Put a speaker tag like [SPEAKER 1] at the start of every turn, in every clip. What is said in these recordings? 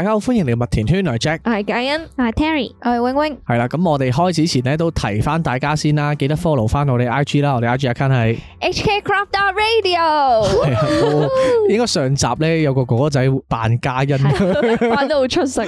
[SPEAKER 1] 大家好，歡迎嚟麥田圈，我係 Jack，我係
[SPEAKER 2] 嘉欣，我係 Terry，我係 Wingwing
[SPEAKER 1] 係啦，咁我哋開始前咧都提翻大家先啦，記得 follow 翻我哋 IG 啦，我哋 IG account 係
[SPEAKER 2] HKcrop Radio。
[SPEAKER 1] 應該上集咧有個哥哥仔扮嘉欣，扮到好出色，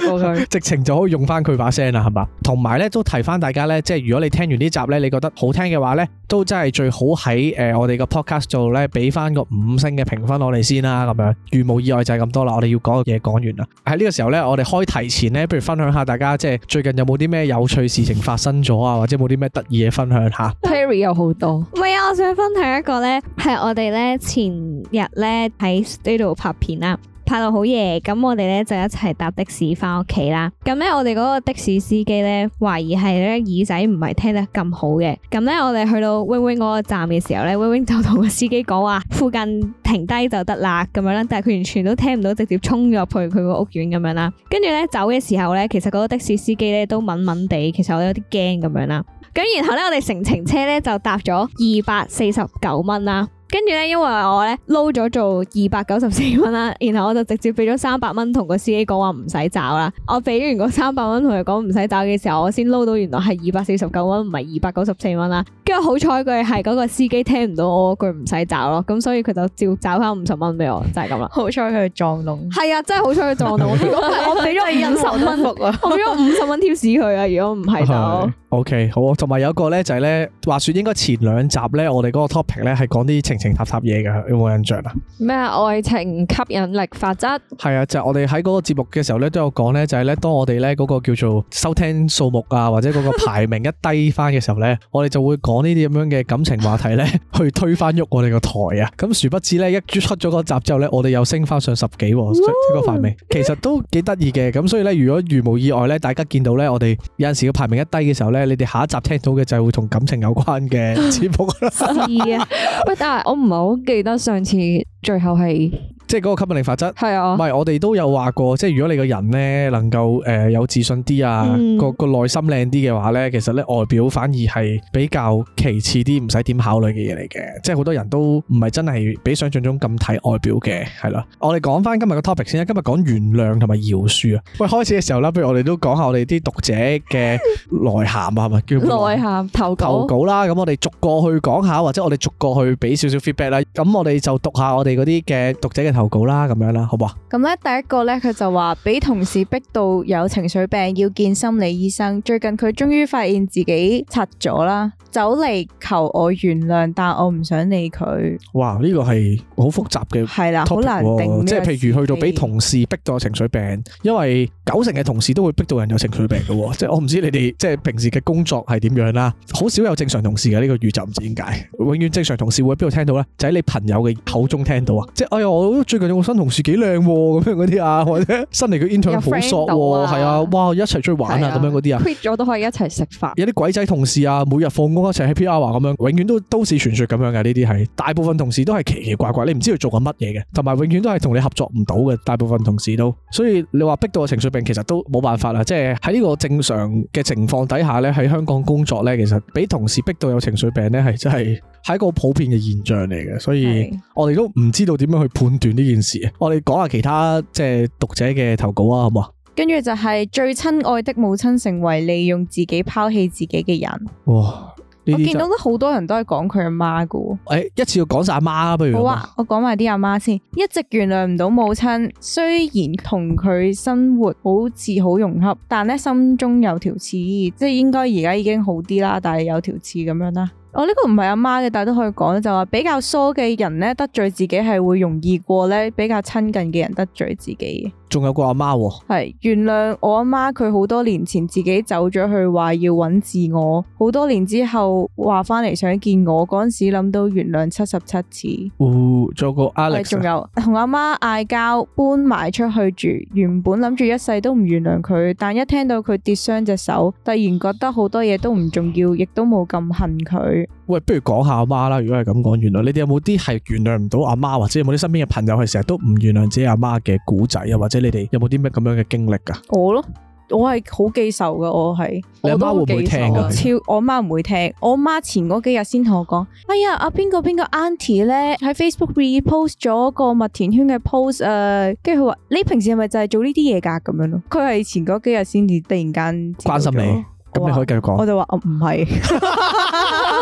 [SPEAKER 1] 直情就可以用翻佢把聲啦，係嘛？同埋咧都提翻大家咧，即係如果你聽完呢集咧，你覺得好聽嘅話咧，都真係最好喺誒我哋個 podcast 度咧俾翻個五星嘅評分我哋先啦，咁樣。如無意外就係咁多啦，我哋要講嘅嘢講完啦，喺呢個由咧，我哋開題前咧，不如分享下大家即係最近有冇啲咩有趣事情發生咗啊？或者冇啲咩得意嘢，分享下
[SPEAKER 2] ？Perry 有好多，唔係啊，我想分享一個咧，係我哋咧前日咧喺 studio 拍片啦。拍到好夜，咁我哋咧就一齊搭的士翻屋企啦。咁咧，我哋嗰個的士司機咧懷疑係咧耳仔唔係聽得咁好嘅。咁咧，我哋去到威威嗰個站嘅時候咧，威威就同個司機講話，附近停低就得啦，咁樣啦。但係佢完全都聽唔到，直接衝咗入去佢個屋苑咁樣啦。跟住咧走嘅時候咧，其實嗰個的士司機咧都敏敏地，其實我有啲驚咁樣啦。咁然後咧，我哋成程車咧就搭咗二百四十九蚊啦。跟住咧，因為我咧撈咗做二百九十四蚊啦，然後我就直接俾咗三百蚊，同個司機講話唔使找啦。我俾完個三百蚊同佢講唔使找嘅時候，我先撈到原來係二百四十九蚊，唔係二百九十四蚊啦。跟住好彩佢係嗰個司機聽唔到我句唔使找咯，咁所以佢就照找翻五十蚊俾我，就係咁啦。好彩佢撞龍，係啊，真係好彩佢撞到。如果我俾咗五十蚊佢，我俾咗五十蚊貼士佢啊！如果唔係就
[SPEAKER 1] OK 好。同埋有個咧就係、是、咧，話說應該前兩集咧，我哋嗰個 topic 咧係講啲情。情塔塔嘢㗎，有冇印象啊？
[SPEAKER 2] 咩愛情
[SPEAKER 3] 吸引力法則？
[SPEAKER 1] 係啊，就我哋喺嗰個節目嘅時候咧，都有講咧，就係咧，當我哋咧嗰個叫做收聽數目啊，或者嗰個排名一低翻嘅時候咧， 我哋就會講呢啲咁樣嘅感情話題咧，去推翻喐我哋個台啊。咁殊不知咧，一出咗個集之後咧，我哋又升翻上十幾，出個反味，其實都幾得意嘅。咁所以咧，如果如無意外咧，大家見到咧，我哋有陣時嘅排名一低嘅時候咧，你哋下一集聽到嘅就係會同感情有關嘅節
[SPEAKER 3] 目啦。 是啊，喂，但 我唔係好記得上次最後係。
[SPEAKER 1] 即係嗰個吸引力法則，係是啊，唔係我哋都有話過，即係如果你個人咧能夠誒、呃、有自信啲啊，嗯、個個內心靚啲嘅話咧，其實咧外表反而係比較其次啲，唔使點考慮嘅嘢嚟嘅。即係好多人都唔係真係比想像中咁睇外表嘅，係咯。我哋講翻今日嘅 topic 先啦，今日講原諒同埋饒恕啊。喂，開始嘅時候啦，不如我哋都講下我哋啲讀者嘅內涵啊，係咪 叫內涵，
[SPEAKER 3] 內涵投
[SPEAKER 1] 稿啦？咁我哋逐個去講下，或者我哋逐個去俾少少 feedback 啦。咁我哋就讀下我哋嗰啲嘅讀者嘅投稿啦咁樣啦，好唔好？
[SPEAKER 4] 咁咧，第一個咧，佢就話俾同事逼到有情緒病，要見心理醫生。最近佢終於發現自己拆咗啦，走嚟求我原諒，但我唔想理佢。哇！呢個
[SPEAKER 1] 係好複雜嘅，係啦，好難定。即係譬如去到俾同事逼到有情緒病，因為，九成嘅同事都會逼到人有情緒病嘅、哦，即係我唔知你哋即係平時嘅工作係點樣啦，好少有正常同事嘅呢、這個語集唔知點解，永遠正常同事會喺邊度聽到咧？就喺你朋友嘅口中聽到啊！即係哎呀，我最近有個新同事幾靚喎，咁樣嗰啲啊，或者新嚟嘅 intern 好索喎，係啊，哇，一齊出去玩啊，咁樣嗰啲啊 quit
[SPEAKER 3] 咗都可以一齊食飯，
[SPEAKER 1] 有啲鬼仔同事啊，每日放工一齊喺 PR 話咁樣，永遠都都市傳説咁樣嘅呢啲係，大部分同事都係奇奇怪怪，你唔知佢做緊乜嘢嘅，同埋永遠都係同你合作唔到嘅，大部分同事都，所以你話逼到個情緒病。其實都冇辦法啦，即係喺呢個正常嘅情況底下咧，喺香港工作咧，其實俾同事逼到有情緒病咧，係真係係一個普遍嘅現象嚟嘅，所以我哋都唔知道點樣去判斷呢件事。是我哋講下其他即係讀者嘅投稿啊，好嘛？
[SPEAKER 4] 跟住就係、是、最親愛的母親成為利用自己拋棄自己嘅人。
[SPEAKER 1] 哇！這我見到
[SPEAKER 4] 好多人都係講佢阿媽㗎喎，誒、欸，
[SPEAKER 1] 一次要講晒阿媽不如好
[SPEAKER 4] 啊！我講埋啲阿媽先，一直原諒唔到母親，雖然同佢生活好似好融洽，但心中有條刺，即係應該而家已經好啲啦，但係有條刺咁樣啦。我呢、哦呢個唔係阿媽嘅，但係都可以講就話、係、比較疏嘅人咧得罪自己係會容易過咧比較親近嘅人得罪自己，
[SPEAKER 1] 仲有個阿媽喎、
[SPEAKER 4] 哦，係原諒我阿媽，佢好多年前自己走咗去，話要揾自我。好多年之後話翻嚟想見我，嗰陣時諗到原諒七十七次。哦，
[SPEAKER 1] 仲有個 Alex，仲、啊、有
[SPEAKER 4] 同阿媽嗌交，搬埋出去住。原本諗住一世都唔原諒佢，但一聽到佢跌傷隻手，突然覺得好多嘢都唔重要，亦都冇咁恨佢。喂，不如
[SPEAKER 1] 講下阿媽啦。如果係咁講，原來你哋有冇啲係原諒唔到阿媽，或者有冇啲身邊嘅朋友係成日都唔原諒自己阿媽嘅古仔，又或者你哋有冇啲咩咁樣嘅經歷噶？
[SPEAKER 4] 我咯，我係好記仇噶，我係你阿媽會唔會聽我超，我阿媽唔會聽。我阿媽前嗰幾日先同我講：哎呀，阿、啊、邊個邊個 auntie 咧喺 Facebook repost 咗個麥田圈嘅 post，誒、呃，跟住佢話：你平時係咪就係做呢啲嘢噶？咁樣咯。佢係前嗰幾日先至突然間關心你，咁你可以繼續講。我就話：我唔係。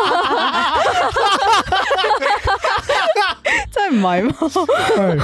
[SPEAKER 4] 真係唔係嗎？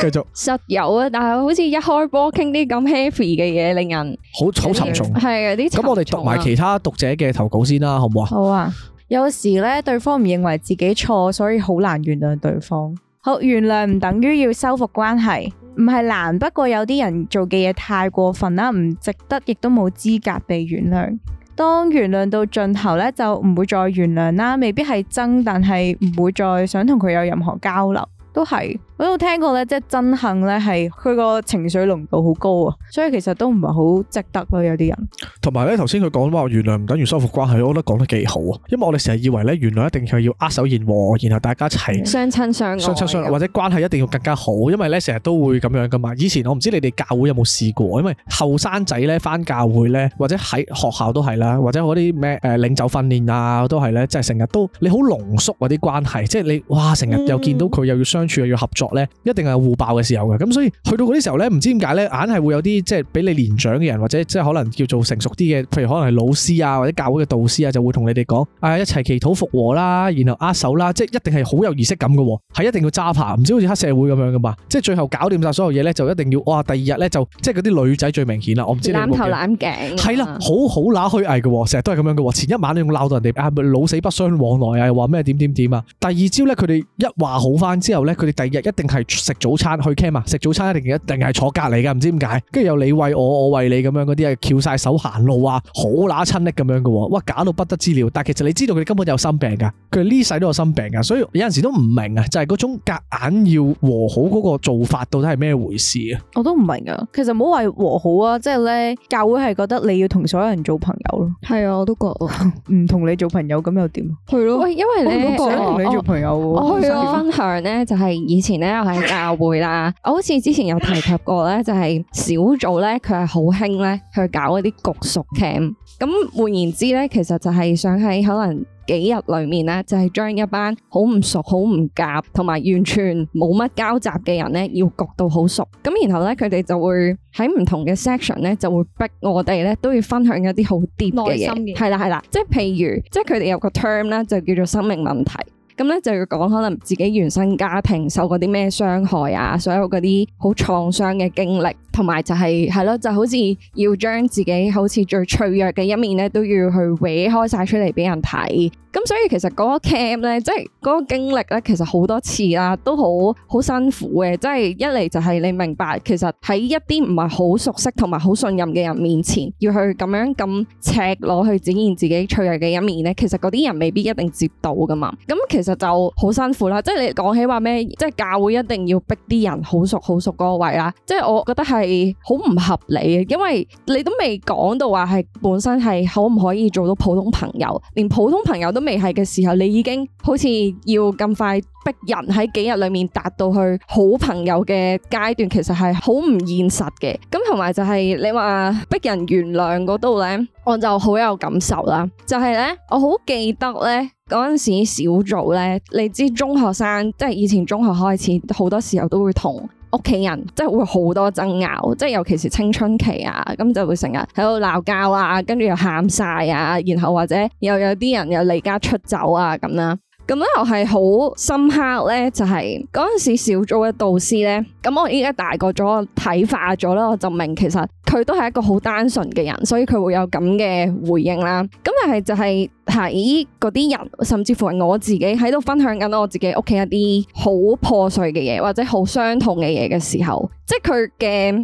[SPEAKER 1] 繼續
[SPEAKER 3] 實有啊，但係好似一開波傾啲咁 happy 嘅嘢，令人好好沉重。係
[SPEAKER 4] 啊，啲咁，我哋讀埋其他
[SPEAKER 1] 讀者嘅投稿先啦，好唔好
[SPEAKER 4] 啊？好啊。有時咧，對方唔認為自己錯，所以好難原諒對方。好原諒唔等於要修復關係，唔係難，不過有啲人做嘅嘢太過分啦，唔值得，亦都冇資格被原諒。當原諒到盡頭咧，就唔會再原諒啦。未必係憎，但係唔會再想同佢有任何交流，都係。我有聽過咧，即係憎恨咧，係佢個情緒濃度好高啊，所以其實都唔係好值得咯。有啲人
[SPEAKER 1] 同埋咧，頭先佢講話原諒唔等於修復關係，我覺得講得幾好啊。因為我哋成日以為咧，原諒一定係要握手言和，然後大家一齊相親相
[SPEAKER 3] 愛相親相愛，相親相
[SPEAKER 1] 愛或者關係一定要更加好。因為咧，成日都會咁樣噶嘛。以前我唔知你哋教會有冇試過，因為後生仔咧翻教會咧，或者喺學校都係啦，或者嗰啲咩誒領袖訓練啊都係咧，即係成日都你好濃縮嗰啲關係，即係你哇成日又見到佢又要相處又要合作。一定係互爆嘅時候嘅，咁所以去到嗰啲時候咧，唔知點解咧，硬係會有啲即係俾你年長嘅人或者即係可能叫做成熟啲嘅，譬如可能係老師啊或者教會嘅導師啊，就會同你哋講啊一齊祈禱復和啦，然後握手啦，即係一定係好有儀式感嘅、啊，係一定要揸拍，唔知好似黑社會咁樣噶嘛，即係最後搞掂晒所有嘢咧，就一定要哇、哦、第二日咧就即係嗰啲女仔最明顯啦，我唔知攬頭攬頸係啦，好好乸虛偽嘅，成日都係咁樣嘅喎、啊，前一晚你仲鬧到人哋，啊、係咪老死不相往來啊？又話咩點點點啊？第二朝咧佢哋一話好翻之後咧，佢哋第二日一定一定定係食早餐去 cam 啊！食早餐一定一定係坐隔籬嘅，唔知點解。跟住又你餵我，我餵你咁樣啲啊，翹晒手行路啊，好乸親昵咁樣嘅，哇假到不得之了！但其實你知道佢哋根本有心病嘅，佢呢世都有心病嘅，所以有陣時都唔明啊，就係、是、嗰種夾硬，硬要和好嗰個做法到底係咩回事啊？
[SPEAKER 4] 我都唔明啊！其實唔好話和好啊，即係咧教會係覺得你要同所有人做朋友咯。係啊，我都覺唔同你做朋友咁又點啊？係咯，喂，因為同你做朋友，了我，、呃、友我分
[SPEAKER 3] 享咧就係以前。又係教會啦，我好似之前有提及過咧，就係小組咧佢係好興咧去搞一啲焗熟 cam。咁換言之咧，其實就係想喺可能幾日裏面咧，就係將一班好唔熟、好唔夾，同埋完全冇乜交集嘅人咧，要焗到好熟。咁然後咧，佢哋就會喺唔同嘅 section 咧，就會逼我哋咧都要分享一啲好 deep 嘅嘢。係啦係啦，即係譬如，即係佢哋有個 term 咧，就叫做生命問題。咁咧就要講可能自己原生家庭受過啲咩傷害啊，所有嗰啲好創傷嘅經歷，同埋就係係咯，就好似要將自己好似最脆弱嘅一面咧，都要去搣開晒出嚟俾人睇。咁所以其實嗰個 camp 咧，即係嗰個經歷咧，其實好多次啦，都好好辛苦嘅。即係一嚟就係你明白，其實喺一啲唔係好熟悉同埋好信任嘅人面前，要去咁樣咁赤裸去展現自己脆弱嘅一面咧，其實嗰啲人未必一定接到㗎嘛。咁其其實就好辛苦啦，即係你講起話咩，即係教會一定要逼啲人好熟好熟嗰個位啦，即係我覺得係好唔合理嘅，因為你都未講到話係本身係可唔可以做到普通朋友，連普通朋友都未係嘅時候，你已經好似要咁快逼人喺幾日裏面達到去好朋友嘅階段，其實係好唔現實嘅。咁同埋就係你話逼人原諒嗰度咧，我就好有感受啦。就係咧，我好記得咧。嗰陣時小組咧，你知中學生即係以前中學開始，好多時候都會同屋企人即係會好多爭拗，即係尤其是青春期啊，咁就會成日喺度鬧交啊，跟住又喊晒啊，然後或者又有啲人又離家出走啊咁啦。咁咧又係好深刻咧，就係嗰陣時小組嘅導師咧，咁我依家大個咗，睇化咗啦，我就明其實佢都係一個好單純嘅人，所以佢會有咁嘅回應啦。咁又係就係喺嗰啲人，甚至乎係我自己喺度分享緊我自己屋企一啲好破碎嘅嘢，或者好傷痛嘅嘢嘅時候，即係佢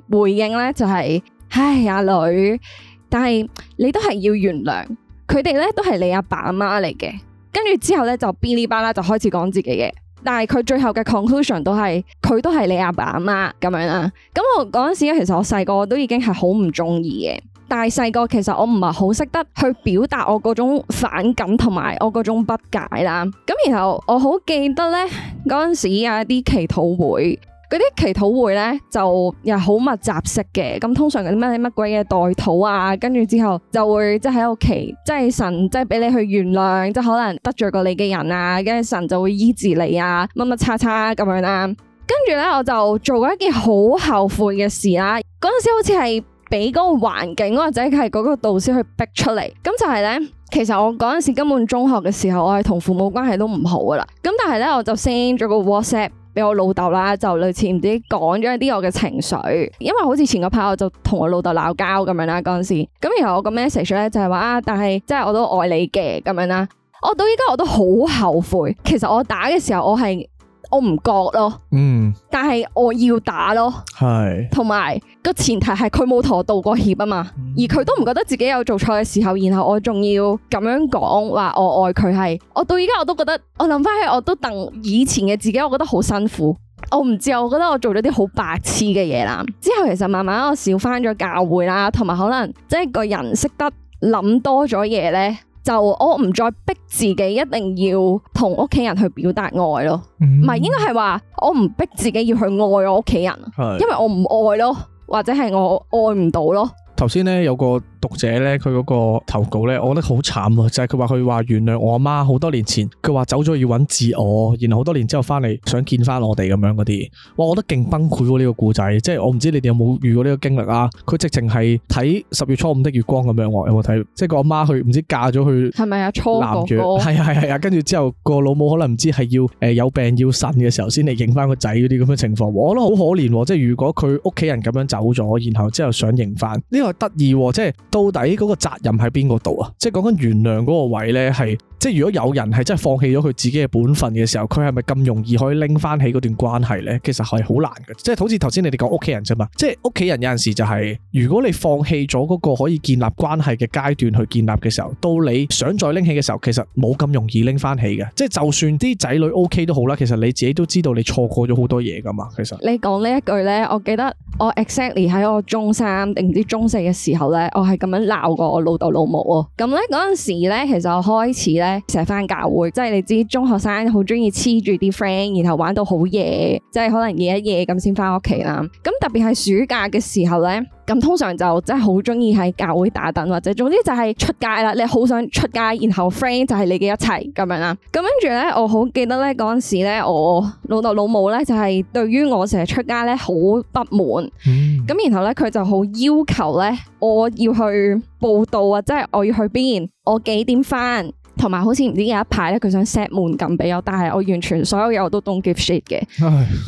[SPEAKER 3] 嘅回應咧、就係，就係唉，阿女，但係你都係要原諒佢哋咧，都係你阿爸阿媽嚟嘅。跟住之後咧，就嗶哩吧啦就開始講自己嘅，但係佢最後嘅 conclusion 都係佢都係你阿爸阿媽咁樣啦。咁我嗰陣時咧，其實我細個都已經係好唔中意嘅，但係細個其實我唔係好識得去表達我嗰種反感同埋我嗰種不解啦。咁然後我好記得咧，嗰陣時有一啲祈禱會。嗰啲祈禱會咧就又係好密集式嘅，咁通常嗰啲咩乜鬼嘅代禱啊，跟住之後就會即喺屋企，即係神即係俾你去原諒，即係可能得罪過你嘅人啊，跟住神就會醫治你啊，乜乜叉叉咁樣啦。跟住咧我就做咗一件好後悔嘅事啦。嗰陣時好似係俾嗰個環境，或者係嗰個導師去逼出嚟。咁就係咧，其實我嗰陣時根本中學嘅時候，我係同父母關係都唔好噶啦。咁但係咧，我就 send 咗個 WhatsApp。俾我老豆啦，就類似唔知講咗一啲我嘅情緒，因為好似前個排我就同我老豆鬧交咁樣啦，嗰陣時，咁然後我個 message 咧就係話啊，但係即係我都愛你嘅咁樣啦，我到依家我都好後悔，其實我打嘅時候我係。我唔覺咯，嗯，但係我要打咯，係，同埋，個前提係佢冇同我道過歉啊嘛，嗯，而佢都唔覺得自己有做錯嘅時候，然後我仲要咁樣講話我愛佢係，我到而家我都覺得我諗返起我都戥以前嘅自己，我覺得好辛苦，我唔知，我覺得我做咗啲好白痴嘅嘢啦，之後其實慢慢我少返咗教會啦，同埋可能即係個人識得諗多咗嘢咧。就我唔再逼自己一定要同屋企人去表達愛咯，唔係、嗯、應該係話我唔逼自己要去愛我屋企人，
[SPEAKER 1] 是的 因為我
[SPEAKER 3] 唔愛咯，或者係我愛唔到咯。
[SPEAKER 1] 頭先咧有個，讀者咧，佢嗰個投稿咧，我覺得好慘啊！就係佢話佢話原諒我阿媽好多年前，佢話走咗要揾自我，然後好多年之後翻嚟想見翻我哋咁樣嗰啲，哇！我覺得勁崩潰喎呢個故仔，即係我唔知你哋有冇遇過呢個經歷啊？佢直情係睇十月初五的月光咁樣喎，我有冇睇？即係個阿媽去唔知嫁咗去係
[SPEAKER 3] 咪啊？男？月係啊，係
[SPEAKER 1] 啊，跟住、啊、之後個老母可能唔知係要誒、呃、有病要腎嘅時候先嚟認翻個仔嗰啲咁嘅情況，我覺得好可憐、啊。即係如果佢屋企人咁樣走咗，然後之後想認翻呢個係得意，即係。到底嗰個責任喺邊個度啊？即係講緊原諒嗰個位咧，係。即係如果有人係真係放棄咗佢自己嘅本分嘅時候，佢係咪咁容易可以拎翻起嗰段關係咧？其實係好難嘅，即係好似頭先你哋講屋企人啫嘛。即係屋企人有陣時就係，如果你放棄咗嗰個可以建立關係嘅階段去建立嘅時候，到你想再拎起嘅時候，其實冇咁容易拎翻起嘅。即係就算啲仔女 OK 都好啦，其實你自己都知道你錯過咗好多嘢噶嘛。其實
[SPEAKER 3] 你講呢一句咧，我記得我 exactly 喺我中三定唔知中四嘅時候咧，我係咁樣鬧過我老豆老母哦。咁咧嗰陣時咧，其實我開始咧。成日翻教會，即係你知中學生好中意黐住啲 friend，然後玩到好夜，即係可能夜一夜咁先翻屋企啦。咁特別係暑假嘅時候咧，咁通常就真係好中意喺教會打躉，或者總之就係出街啦。你好想出街，然後 friend 就係你嘅一切咁樣啦。咁跟住咧，我好記得咧嗰陣時咧，我老豆老母咧就係對於我成日出街咧好不滿，咁、嗯、然後咧佢就好要求咧我要去報到啊，即係我要去邊，我幾點翻。同埋好似唔知有一排咧，佢想 set 門禁俾我，但係我完全所有嘢我都 don't give shit 嘅，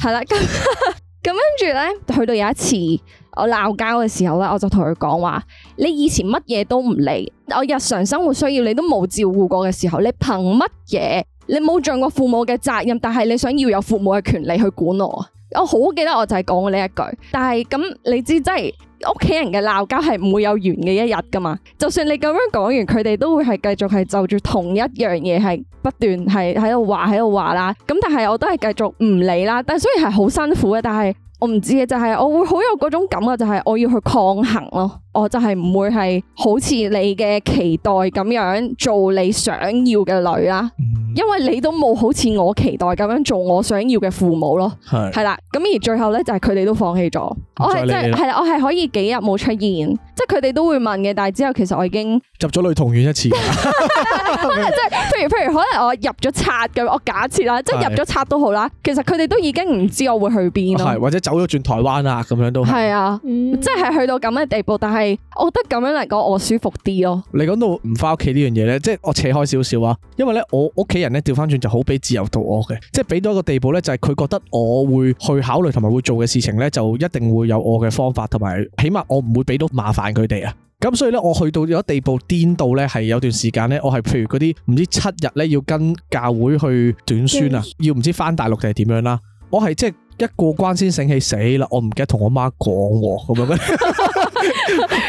[SPEAKER 3] 係啦，咁咁跟住咧，去 到有一次我鬧交嘅時候咧，我就同佢講話：你以前乜嘢都唔理，我日常生活需要你都冇照顧過嘅時候，你憑乜嘢？你冇盡過父母嘅責任，但係你想要有父母嘅權利去管我？我好記得我就係講過呢一句，但係咁你知即係。就是屋企人嘅鬧交係唔會有完嘅一日噶嘛，就算你咁樣講完，佢哋都會係繼續係就住同一樣嘢，係不斷係喺度話喺度話啦，咁但係我都係繼續唔理啦，但雖然係好辛苦嘅，但係。我唔知嘅就係、是、我會好有嗰種感覺，就係、是、我要去抗衡咯，我就係唔會係好似你嘅期待咁樣做你想要嘅女啦，因為你都冇好似我期待咁樣做我想要嘅父母咯，係係啦，咁而最後咧就係佢哋都放棄咗、就是，我係真係係啦，我係可以幾日冇出現。即係佢哋都會問嘅，但係之後其實我已經
[SPEAKER 1] 入咗女童院一次，可
[SPEAKER 3] 能即係譬如譬如，可能我入咗冊，咁，我假設啦，即、就、係、是、入咗冊都好啦。其實佢哋都已經唔知我會去邊咯，啊，
[SPEAKER 1] 或者走咗轉台灣啊咁樣都係
[SPEAKER 3] 啊，即係、啊嗯、去到咁嘅地步。但係我覺得咁樣嚟講，我舒服啲咯。嗯、
[SPEAKER 1] 你講到唔翻屋企呢樣嘢咧，即、就、係、是、我扯開少少啊。因為咧，我屋企人咧調翻轉就好，俾自由度我嘅，即係俾到一個地步咧，就係佢覺得我會去考慮同埋會做嘅事情咧，就一定會有我嘅方法，同埋起碼我唔會俾到麻煩。佢哋啊，咁所以呢，我去到有一地步顛到呢係有段時間呢。我係譬如嗰啲唔知七日呢，要跟教會去短宣啊，要唔知翻大陸定係點樣啦、啊，我係即係一過關先醒起死啦，我唔記得同我媽講咁樣。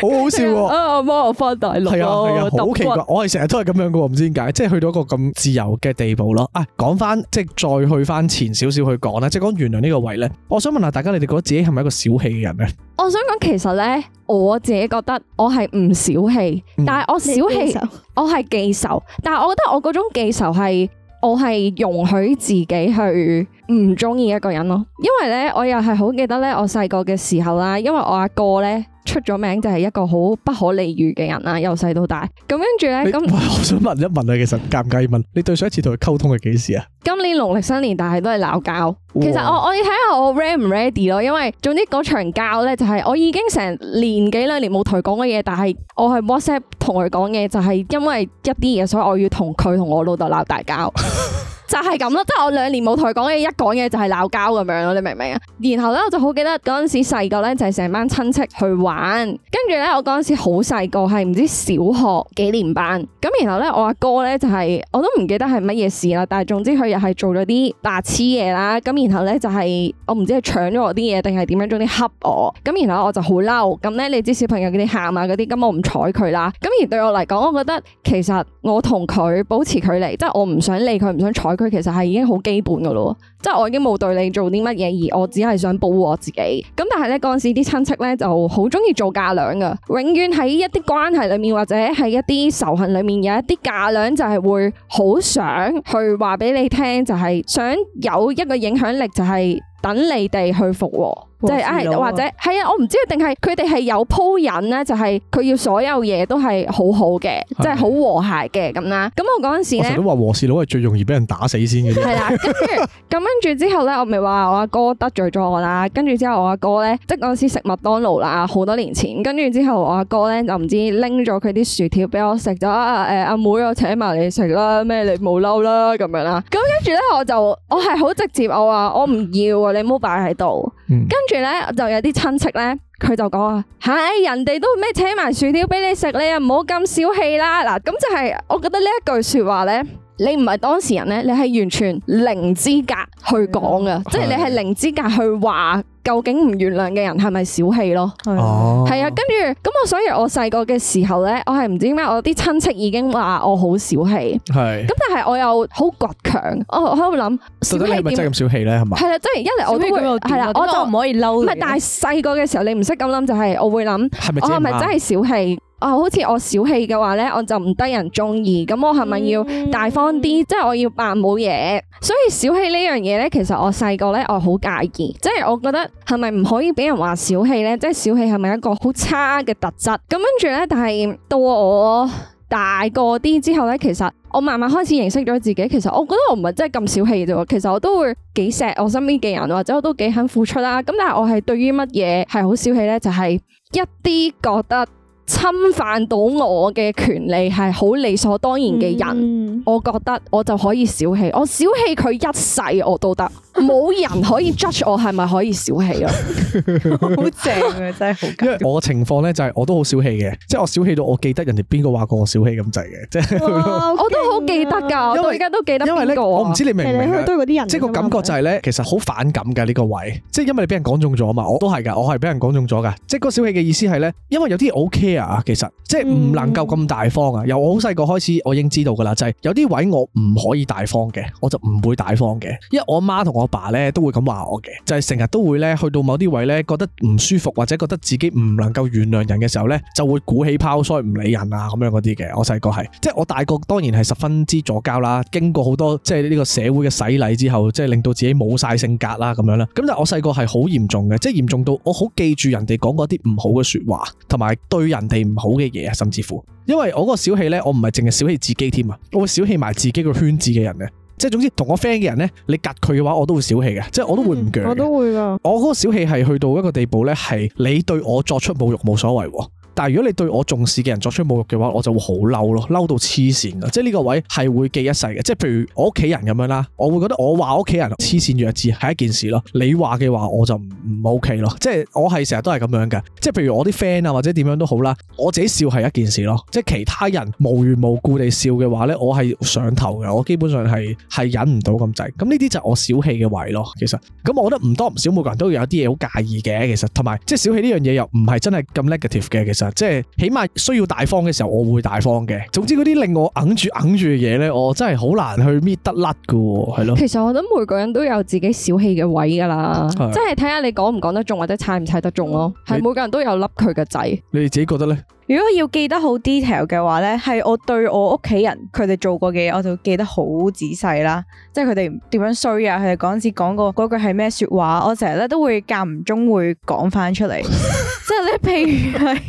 [SPEAKER 3] 好 好笑啊！我翻
[SPEAKER 5] 大陸，係啊係啊，好、啊啊、奇怪，光
[SPEAKER 1] 我係成日都係咁樣噶，唔知點解，即係去到一個咁自由嘅地步咯。啊，講翻即係再去翻前少少去講咧，即係講原諒呢個位咧。我想問下大家，你哋覺得自己係咪一個小氣嘅人咧？
[SPEAKER 3] 我想講，其實咧，我自己覺得我係唔小氣、嗯，但係我小氣，我係記仇，但係我覺得我嗰種記仇係，我係容許自己去，唔中意一個人咯，因為咧，我又係好記得咧，我細個嘅時候啦，因為我阿哥咧出咗名就係一個好不可理喻嘅人啦，由細到大，咁跟住咧咁，我
[SPEAKER 1] 想問一問你，其實介唔介意問，你對上一次同佢溝通係幾時啊？
[SPEAKER 3] 今年農曆新年，但係都係鬧交。哇其實我我要睇下我 ready 唔 ready 咯，因為總之嗰場交咧就係我已經成年幾兩年冇同佢講嘅嘢，但係我係 WhatsApp 同佢講嘅就係、是、因為一啲嘢，所以我要同佢同我老豆鬧大交。 就係咁咯，即係我兩年冇同佢講嘢，一講嘢就係鬧交咁樣咯，你明唔明啊？然後咧，我就好記得嗰陣時細個咧就係成班親戚去玩，跟住咧我嗰陣時好細個，係唔知小學幾年班，咁然後咧我阿哥咧就係我都唔記得係乜嘢事啦，但係總之佢又係做咗啲白痴嘢啦，咁然後咧就係我唔知係搶咗我啲嘢定係點樣仲啲恰我，咁然後我就好嬲，咁咧你知小朋友佢哋喊啊嗰啲，咁我唔睬佢啦，咁而對我嚟講，我覺得其實我同佢保持距離，即係我唔想理佢，唔想睬。佢其實係已經好基本噶咯，即係我已經冇對你做啲乜嘢，而我只係想保護我自己。咁但係咧，嗰陣時啲親戚咧就好中意做嫁娘噶，永遠喺一啲關係裏面或者係一啲仇恨裏面，有一啲架樑，就係會好想去話俾你聽，就係想有一個影響力，就係等你哋去復和。就係啊，或者係啊，我唔知定係佢哋係有鋪引咧，就係、是、佢要所有嘢都係好好嘅，是的 即係好和諧嘅咁啦。咁我嗰陣時咧，成日都
[SPEAKER 1] 話和事佬係最容易俾人打死先嘅、 啊。係啦，
[SPEAKER 3] 跟住咁跟住之後咧，我咪話我阿哥得罪咗我啦。跟住之後我阿哥咧，即係嗰陣時食麥當勞啦，好多年前。跟住之後我阿哥咧，就唔知拎咗佢啲薯條俾我食咗。誒阿妹，我請埋你食啦，咩你冇嬲啦咁樣啦。咁跟住咧，我就我係好直接，我話我唔要啊，你唔好擺喺度。嗯、跟住咧，就有啲親戚咧，佢就講啊，唉、哎，人哋都咩請埋薯條俾你食，你又唔好咁小氣啦。嗱，咁就係、是、我覺得呢一句説話咧。你唔係當事人咧，你係完全零資格去講噶，嗯、即係你係零資格去話究竟唔原諒嘅人係咪小氣咯？係、哦、啊，跟住咁我所以我細個嘅時候咧，我係唔知點解我啲親戚已經話我好小氣，係咁、嗯、但係我又好倔強，我喺度諗小氣咪真係咁小氣咧係嘛？係啊，即、就、然、是、一嚟我都會係啦、啊，我就唔我可以嬲。唔係，但係細個嘅時候你唔識咁諗，就係我會諗，係咪我係咪真係小氣？啊，oh, 好似我小氣嘅話咧，我就唔得人中意，咁我係咪要大方啲？即係 我要扮冇嘢。所以小氣呢樣嘢咧，其實我細個咧，我好介意，即係我覺得係咪唔可以俾人話小氣咧？即係小氣係咪一個好差嘅特質？咁跟住咧，但係到我大個啲之後咧，其實我慢慢開始認識咗自己，其實我覺得我唔係真係咁小氣啫。其實我都會幾錫我身邊嘅人，或者我都幾肯付出啦。咁但係我係對於乜嘢係好小氣咧？就係一啲覺得。侵犯到我嘅權利係好理所當然嘅人，mm hmm. 我覺得我就可以小氣，我小氣佢一世我都得，冇人可以 judge 我係咪可以小氣咯，
[SPEAKER 1] 好正啊，真係因為我情況咧就係我都好小氣嘅，即係我小氣到我記得人哋邊個話過我小氣咁滯嘅，即係
[SPEAKER 3] 我都好記得㗎，我而家都記得，因為呢個我唔知你明唔明啊？對嗰
[SPEAKER 1] 啲人，即係個感覺就係咧，其實好反感㗎呢個位，即係因為你俾人講中咗啊嘛，我都係㗎，我係俾人講中咗㗎，即係個小氣嘅意思係咧，因為有啲 O K 啊。啊，其實即係唔能夠咁大方啊！由我好細個開始，我已經知道噶啦，就係、是、有啲位我唔可以大方嘅，我就唔會大方嘅。因為我媽同我爸咧都會咁話我嘅，就係成日都會咧去到某啲位咧，覺得唔舒服或者覺得自己唔能夠原諒人嘅時候咧，就會鼓起泡腮唔理人啊咁樣嗰啲嘅。我細個係，即、就、係、是、我大個當然係十分之咗交啦。經過好多即係呢個社會嘅洗禮之後，即、就、係、是、令到自己冇晒性格啦咁樣啦。咁但我細個係好嚴重嘅，即係嚴重到我好記住人哋講過啲唔好嘅說話，同埋對人哋唔好嘅嘢啊，甚至乎，因為我嗰個小氣呢，我唔係淨係小氣自己添啊，我會小氣埋自己個圈子嘅人嘅，即係總之同我 friend 嘅人呢，你夾佢嘅話我都會小氣嘅，即我會、嗯，我都會小氣嘅，即係我都會唔鋸。我都會噶，我嗰個小氣係去到一個地步呢，係你對我作出侮辱冇所謂。但係如果你對我重視嘅人作出侮辱嘅話，我就會好嬲咯，嬲到黐線啊！即係呢個位係會記一世嘅。即係譬如我屋企人咁樣啦，我會覺得我話我屋企人黐線弱智係一件事咯。你話嘅話我就唔唔 OK 咯。即係我係成日都係咁樣嘅。即係譬如我啲 friend 啊或者點樣都好啦，我自己笑係一件事咯。即係其他人無緣無故地笑嘅話呢，我係上頭嘅。我基本上係係忍唔到咁滯。咁呢啲就係我小氣嘅位咯。其實咁我覺得唔多唔少每個人都有啲嘢好介意嘅其實，同埋即係小氣呢樣嘢又唔係真係咁 negative 嘅其實。即係起碼需要大方嘅時候，我會大方嘅。總之嗰啲令我揞住揞住嘅嘢呢，我真係好難去搣得甩噶，係咯。其
[SPEAKER 3] 實我諗每個人都有自己小氣嘅位噶啦，即係睇下你講唔講得中或者
[SPEAKER 4] 踩唔踩得中咯。係你每個人都有笠佢嘅仔。
[SPEAKER 1] 你自己覺得呢？
[SPEAKER 4] 如果要記得好 detail 嘅話咧，係我對我屋企人佢哋做過嘅嘢，我就記得好仔細啦。即係佢哋點樣衰啊！佢哋嗰陣時講過嗰句係咩説話，我成日咧都會間唔中會講翻出嚟。
[SPEAKER 3] 即係咧，譬如係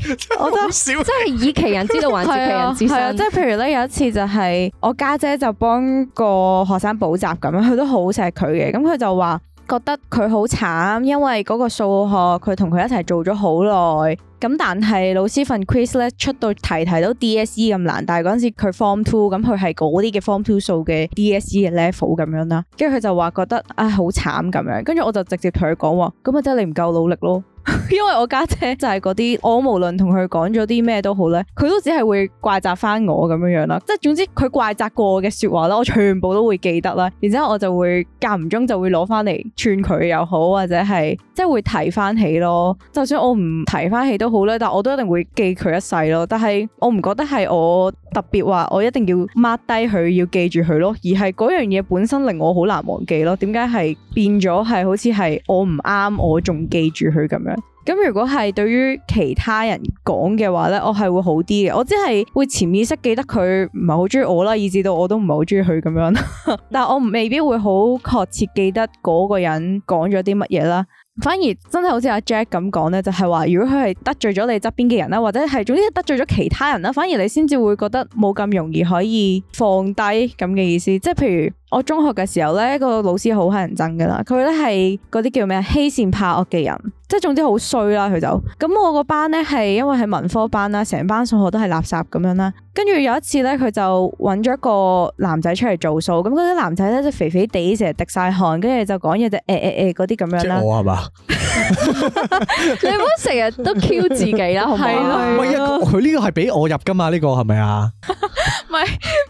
[SPEAKER 3] 我都少，即係以其人之道還治其人之身、 啊啊。即係譬
[SPEAKER 4] 如咧，有一次就係、是、我家姐，姐就幫個學生補習咁樣，佢都好錫佢嘅。咁佢就話覺得佢好慘，因為嗰個數學佢同佢一齊做咗好耐。咁但係老師份 quiz 呢，出到題題都 DSE 咁難，但係嗰陣時佢 form two，咁佢係嗰啲嘅 form two 數嘅 DSE level 咁樣啦，跟住佢就話覺得唉好慘咁樣，跟住我就直接同佢講話，咁啊真係你唔夠努力咯。 因為我家姐，姐就係嗰啲，我無論同佢講咗啲咩都好咧，佢都只係會怪責翻我咁樣樣啦。即係總之佢怪責過嘅說話咧，我全部都會記得啦。然之後我就會間唔中就會攞翻嚟串佢又好，或者係即係會提翻起咯。就算我唔提翻起都好咧，但係我都一定會記佢一世咯。但係我唔覺得係我。特別話我一定要抹低佢，要記住佢咯，而係嗰樣嘢本身令我好難忘記咯。點解係變咗係好似係我唔啱，我仲記住佢咁樣？咁如果係對於其他人講嘅話咧，我係會好啲嘅。我只係會潛意識記得佢唔係好中意我啦，以至到我都唔係好中意佢咁樣。 但係我未必會好確切記得嗰個人講咗啲乜嘢啦。反而真係好似阿 Jack 咁講咧，就係話如果佢係得罪咗你側邊嘅人，或者係總之得罪咗其他人，反而你先至會覺得冇咁容易可以放低咁嘅意思，即係譬如。我中學嘅時候咧，個老師好乞人憎噶啦，佢咧係嗰啲叫咩欺善怕惡嘅人，即係總之好衰啦佢就。咁我個班咧係因為係文科班啦，成班數學都係垃圾咁樣啦。跟住有一次咧，佢就搵咗一個男仔出嚟做數，咁嗰啲男仔咧就肥肥地，成日滴晒汗，跟住就講嘢就誒誒誒嗰啲咁樣啦。即係我
[SPEAKER 1] 係嘛？
[SPEAKER 4] 你唔好成日都 Q 自己啦，好唔好？係咯是對。
[SPEAKER 1] 佢呢個係俾我入噶嘛？呢、呢個
[SPEAKER 4] 係咪啊？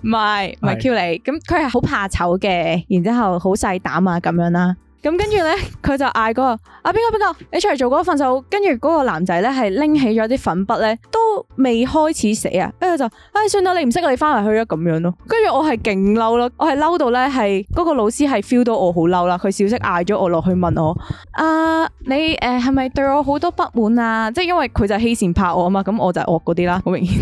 [SPEAKER 4] 唔係唔係 Q 你？咁佢係好怕醜。好嘅，然之後好細膽啊，咁樣啦。咁跟住咧，佢就嗌嗰個啊邊個邊個，你出嚟做嗰份就，跟住嗰個男仔咧係拎起咗啲粉筆咧，都未開始寫啊，跟住就，唉、哎、算啦，你唔識你哋翻嚟去啦咁樣咯。跟住我係勁嬲啦，我係嬲到咧係嗰個老師係 feel 到我好嬲啦，佢小聲嗌咗我落去問我，啊你誒係咪對我好多不滿啊？即係因為佢就欺善怕惡啊嘛，咁我就係惡嗰啲啦，好明顯。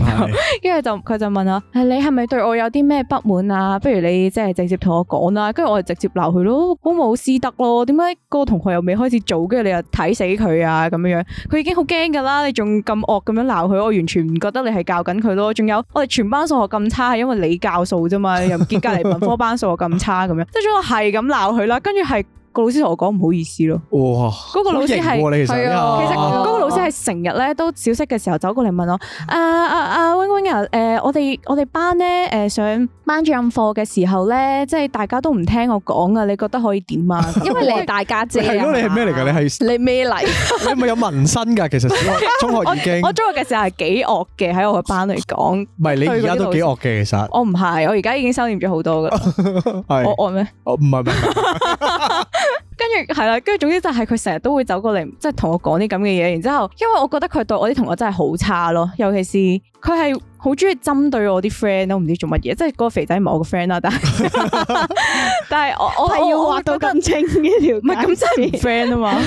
[SPEAKER 4] 跟住是的 就佢就問我，你係咪對我有啲咩不滿啊？不如你即係直接同我講啦，跟住我就直接鬧佢咯，好冇師德咯。點解個同學，又未開始做，跟住你又睇死佢啊，咁樣樣，佢已經好驚噶啦，你仲咁惡咁樣鬧佢，我完全唔覺得你係教緊佢咯。仲有我哋全班數學咁差係因為你教數啫嘛，又唔見隔籬文科班數學咁差咁樣，即係咁我係咁鬧佢啦，跟住係。個老師同我講唔好意思咯，哇！嗰個老師係，係啊，其實嗰個老師係成日咧都小息嘅時候走過嚟問我，啊啊啊 wing wing 啊，誒，我哋我哋班咧，誒上班主任課嘅時候咧，即係大家都唔聽我講啊，你覺得可以點啊？因為你係大家
[SPEAKER 5] 姐，如果你係
[SPEAKER 1] 咩嚟噶？你係
[SPEAKER 4] 你咩嚟？
[SPEAKER 5] 你
[SPEAKER 1] 咪有紋身噶？其實小學中學已經，我
[SPEAKER 4] 中學嘅時候係幾惡嘅，喺我個班嚟講，唔係你而家都幾惡嘅，其實我唔係，我而家已經收斂咗好多噶啦，我惡咩？
[SPEAKER 1] 我唔係。
[SPEAKER 4] 跟住係啦，跟住總之就係佢成日都會走過嚟，即係同我講啲咁嘅嘢。然之後，因為我覺得佢對我啲同學真係好差咯，尤其是。佢係好中意針對我啲 friend 咯，唔知做乜嘢？即係嗰個肥仔唔係我個 friend 啦，但係但係我我係要畫到咁清嘅條，唔係咁真係 friend 啊嘛，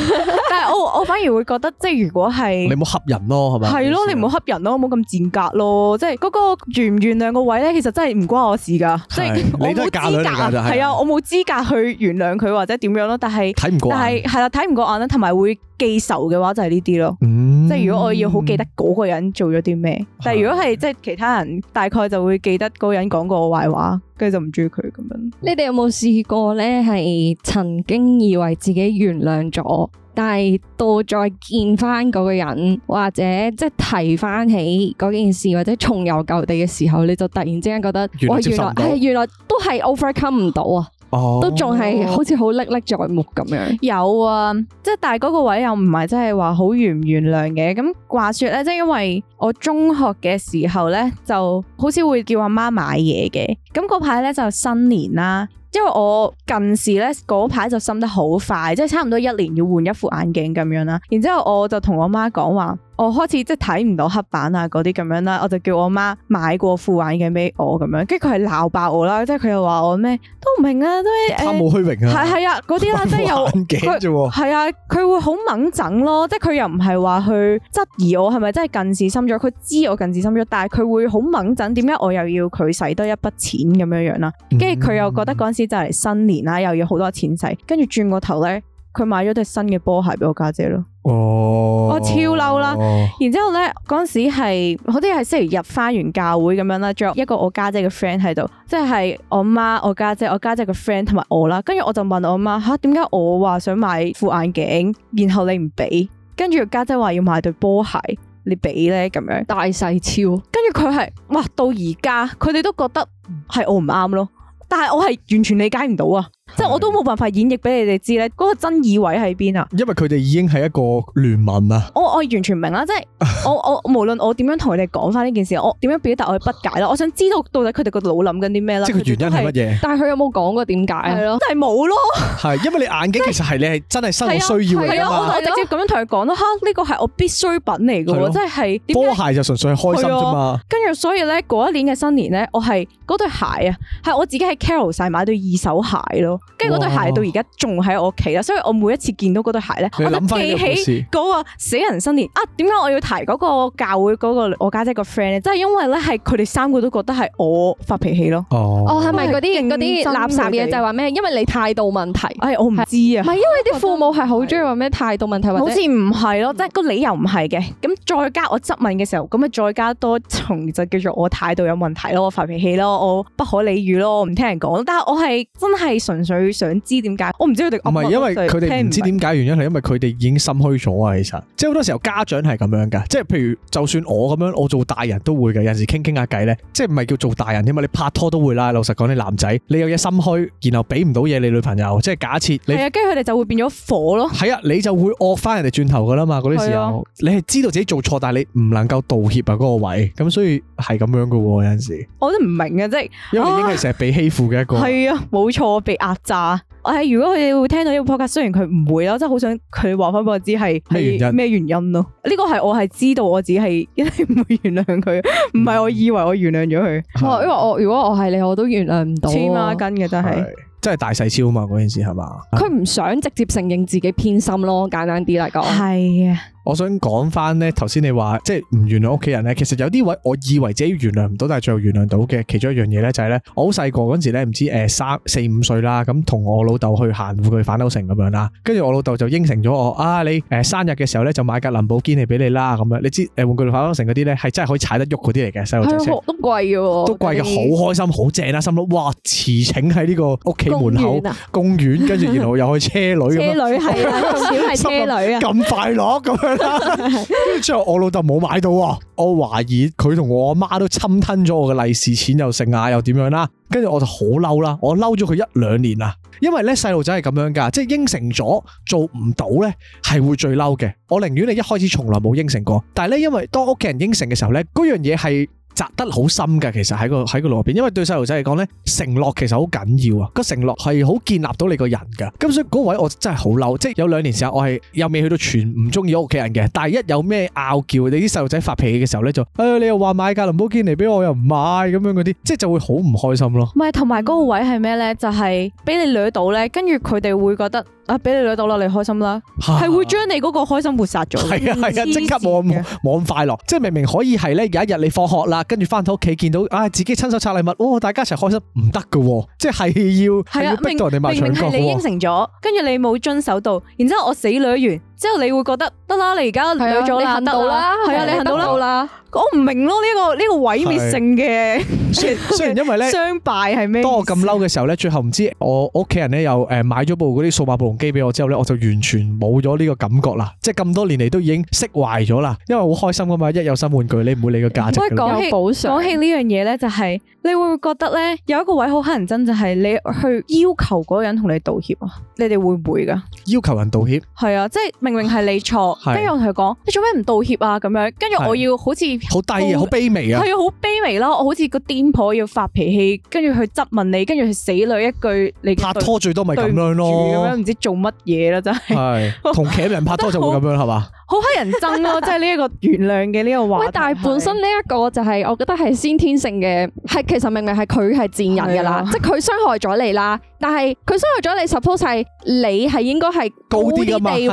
[SPEAKER 4] 但係我我反而會覺得，即係如果係你
[SPEAKER 1] 冇恰人咯，係咪？係咯，
[SPEAKER 4] 你唔好恰人咯，冇咁賤格咯，即係嗰個原唔原諒個位咧，其實真係唔關我事噶，即係我冇資格，係啊，我冇資格去原諒佢或者點樣咯，但係睇唔過，但係係啦，睇唔過眼啦，同埋會記仇嘅話就係呢啲咯，即係如果我要好記得嗰個人做咗啲咩，例如。如果係即係其他人，大概就會記得嗰人講過我壞話，跟住就唔鍾意佢咁樣。
[SPEAKER 3] 你哋有冇試過呢？係曾經以為自己原諒咗，但係到再見返嗰個人，或者即係提返起嗰件事，或者重遊舊地嘅時候，你就突然之間覺得，原來哇，原來是原來都係 overcome 唔到啊！ 都仲係好似
[SPEAKER 4] 好歷歷在目咁樣，哦、有啊，即係但係嗰個位又唔係真係話好原唔原諒嘅，咁話說咧，即係因為我中學嘅時候咧，就好少會叫阿媽買嘢嘅。咁嗰排咧就新年啦，因為我近視咧嗰排就深得好快，即係差唔多一年要換一副眼鏡咁樣啦。然之後我就同我媽講話，我開始即係睇唔到黑板啊嗰啲咁樣啦，我就叫我媽買過副眼鏡俾我咁樣，跟住佢係鬧爆我啦，即係佢又話我咩都唔明啊，都貪慕虛榮啊，係係啊嗰啲啦，即係有眼鏡啫，係啊，佢會好㷫憎咯，即係佢又唔係話去質疑我係咪真係近視深咗，佢知我近視深咗，但係佢會好㷫憎，點解我又要佢使多一筆錢？咁樣樣啦，跟住佢又覺得嗰陣時就嚟新年啦，又要好多錢使，跟住轉過頭咧，佢買咗對新嘅波鞋俾我家姐咯。哦，我、哦、超嬲啦！然之後咧，嗰陣時係好似係，星期日翻完教會咁樣啦，仲有一個我家姐嘅 friend 喺度，即係我媽、我家姐、姐、我家姐嘅 friend 同埋我啦。跟住我就問我媽，吓，點解我話想買副眼鏡，然後你唔俾，跟住家姐話要買對波鞋？你比咧咁樣大細超，跟住佢係哇到而家，佢哋都覺得係我唔啱咯，但係我係完全理解唔到啊！即係我都冇辦法演繹俾你哋知咧，嗰個爭議位喺邊啊！因為
[SPEAKER 1] 佢哋已經係一個聯盟啊！
[SPEAKER 4] 我我完全唔明啦，即係我我無論我點樣同佢哋講翻呢件事，我點樣表達我嘅不解咯？我想知道到底佢哋個腦諗緊啲咩啦？即係原因係乜嘢？但係佢有冇講過點解啊？係對了 咯，但係冇咯。
[SPEAKER 1] 係因為你眼鏡其實係、就是、你係真係生活需要啊嘛。我我直
[SPEAKER 4] 接咁樣同佢講咯，吓呢個係我必需品嚟噶喎，了即係波鞋就純粹開心啫嘛。跟住所以咧嗰一年嘅新年咧，我係嗰對鞋啊，係我自己喺 Carousell 買對二手鞋咯。跟住嗰對鞋到而家仲喺我屋企啦，所以我每一次見到嗰對鞋咧，我就記起嗰個死人新年啊。點解我要提嗰個教會嗰個我家姐個 friend 咧？即係因為咧，係佢哋三個都覺得係我發脾氣咯。哦，我係咪嗰啲啲垃圾嘢就係話
[SPEAKER 3] 咩？因為你態度問題。哎，我唔知啊。唔係因為啲父母係好中意話咩態度問題，好似唔係咯，
[SPEAKER 4] 即係個理由唔係嘅。咁再加我質問嘅時候，咁咪再加多重就叫做我態度有問題咯，我發脾氣咯，我不可理喻咯，唔聽人講。但係我係真係純。想想知點解？我唔知佢哋，唔係因為佢哋唔知點
[SPEAKER 1] 解原因，係因為佢哋已經心虛咗啊！其實即係好多時候家長係咁樣噶，即係譬如，就算我咁樣，我做大人都會嘅。有陣時傾傾下偈咧，即係唔係叫做大人添嘛？你拍拖都會啦，老實講，啲男仔你有嘢心虛，然後俾唔到嘢你女朋友，即係假設你係啊，跟
[SPEAKER 4] 住佢哋就會變咗火咯。
[SPEAKER 1] 係啊，你就會惡翻人哋轉頭噶啦嘛！嗰啲時候、啊、你係知道自己做錯，但係你唔能夠道歉啊嗰、嗰個位，咁所以係咁樣噶喎，有陣時，
[SPEAKER 4] 我都唔明啊，明即因為應該
[SPEAKER 1] 成日被欺負嘅一個係啊，
[SPEAKER 4] 冇錯被渣，我係如果佢哋會聽到呢個 program 雖然佢唔會咯，即係好想佢話翻俾我知係咩原因咩原因咯。呢個係我係知道我只自己係唔會原諒佢，唔係我以為我原諒咗佢，嗯、因為我如果我係你，我都原諒唔到黐孖筋嘅，真係真係大細超
[SPEAKER 1] 啊嘛，嗰陣時候啊，佢
[SPEAKER 3] 唔想直接承認自己偏心咯，簡單啲嚟講。
[SPEAKER 1] 我想講翻咧，頭先你話即係唔原諒屋企人咧，其實有啲位，我以為自己原諒唔到，但係最後原諒到嘅其中一樣嘢咧就係、是、咧，我好細個嗰陣時咧，唔知誒三四五歲啦，咁同我老豆去行玩具反斗城咁樣啦，跟住我老豆就應承咗我啊，你誒生日嘅時候咧就買架林寶堅尼俾你啦，咁樣你知誒玩具反斗城嗰啲咧係真係可以踩得喐嗰啲嚟嘅細路仔，都
[SPEAKER 3] 貴嘅，都貴嘅，好對開
[SPEAKER 1] 心，好正啦，心諗哇，馳騁喺呢個屋企門口公園，啊，跟住然，然後又去車女咁女樣，嗯、對車
[SPEAKER 2] 女係車女啊，咁 快樂
[SPEAKER 1] 咁樣。跟住之後，我老豆冇買到啊。我懷疑佢同我阿媽都侵吞咗我嘅利是錢又剩啊，又點樣啦？跟住我就好嬲啦，我嬲咗佢一兩年啦。因為呢細路仔係咁樣噶，即係應承咗做唔到呢係會最嬲嘅。我寧願你一開始從來冇應承過，但係呢，因為當屋企人應承嘅時候呢，嗰樣嘢係。扎得好深嘅，其實喺個喺個路邊，因為對細路仔嚟講呢，承諾其實好緊要啊。個承諾係好建立到你個人噶，咁所以嗰位我真係好嬲，即係有兩年時間我係又未去到全唔中意屋企人嘅，但係一有咩拗撬，你啲細路仔發脾氣嘅時候、哎、呢，就誒、是、你又話買架林寶堅尼俾我又唔買咁樣嗰啲，即係就會好唔開心咯。
[SPEAKER 4] 唔係，同埋嗰個位係咩呢？就係俾你掠到呢，跟住佢哋會覺得。啊！俾你攞到啦，你開心啦，係、啊、會將你嗰個開心抹殺咗。係啊係啊，即刻冇冇
[SPEAKER 1] 咁快樂，即係明明可以係咧，有一日你放學啦，跟住翻到屋企見到啊，自己親手拆禮物，哇、哦！大家一齊開心，唔得噶，即係係要係啊！逼到人賣，明明明係你應承
[SPEAKER 4] 咗，跟住你冇遵守到，然之後我死女完。之後你會覺得得啦，你而家攞咗啦，得啦，係啊，你行到啦，我唔明咯，呢、這個呢、這個毀滅性嘅是， 雖然因為咧，相 敗係咩？當我
[SPEAKER 1] 咁嬲嘅時候咧，最後唔知我屋企人咧又誒買咗部嗰啲數碼暴龍機俾我之後咧，我就完全冇咗呢個感覺啦，即係咁多年嚟都已經釋懷咗啦，因為好開心噶嘛，一有新玩具你唔會理個價值。所以講起
[SPEAKER 4] 講起呢樣嘢咧，就係你會唔會覺得咧，有一個位好乞人憎，就係你去要求嗰個人同你道歉啊？你哋會唔會噶？
[SPEAKER 1] 要求人道歉
[SPEAKER 4] 係啊，即係明。明明係你錯，跟住我同佢講：你做咩唔道歉啊？咁樣，跟住我要好似好低啊，好卑微啊，佢要好卑微啦！我好似個癲婆要發脾氣，跟住去質問你，跟住佢死女一句你拍拖最多咪咁樣咯，咁樣唔知做乜嘢啦，真係。
[SPEAKER 1] 同其他人拍拖就會咁樣係嘛？
[SPEAKER 4] 好乞人憎咯，即係呢一個原諒嘅呢個話。但係本身呢一個就係，我覺得係先天
[SPEAKER 3] 性嘅，係其實明明係佢係賤人噶啦，即係佢傷害咗你啦，但係佢傷害咗你，suppose 係你係應該係高啲地位，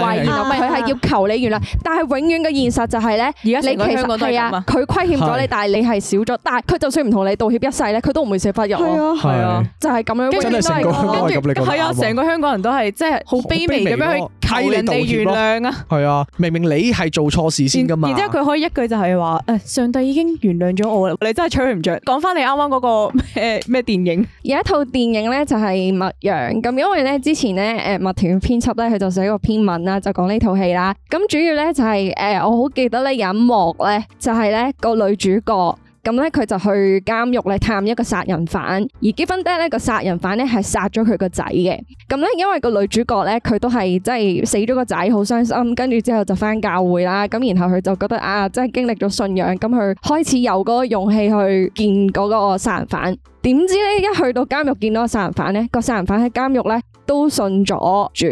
[SPEAKER 3] 佢係要求你原諒，但係永遠嘅現實就係咧，而家成個香港都係啊，啊，佢虧欠咗你，但係你係少咗。但係佢就算唔同你道歉一世咧，佢都唔會成日發入咯。係啊，啊、就係咁樣。樣啊、跟住都係，跟住係啊，成
[SPEAKER 4] 個香港人都係即係好卑微咁樣去求人哋原諒啊。
[SPEAKER 1] 係啊，明明你係做錯事先㗎嘛、嗯。然之後佢
[SPEAKER 4] 可以一句就係話、呃、上帝已經原諒咗我啦，你真係吹唔着。」講翻你啱啱嗰個咩咩、呃、電影，有一套電影咧就係《麥揚》。咁因
[SPEAKER 3] 為咧之前咧誒麥田編輯咧，佢就寫個篇文啦，就講呢。套戲啦，咁主要咧就係、是、誒、呃，我好記得咧有一幕咧，就係、是、咧、個女主角，咁咧佢就去監獄咧探一個殺人犯，而結婚 day 咧個殺人犯咧係殺咗佢個仔嘅。咁咧因為個女主角咧佢都係即係死咗個仔好傷心，跟住之後就翻教會啦，咁然後佢就覺得啊，即係經歷咗信仰，咁佢開始有嗰個勇氣去見嗰個殺人犯，點知咧一去到監獄見到個殺人犯咧，個殺人犯喺監獄咧都信咗主，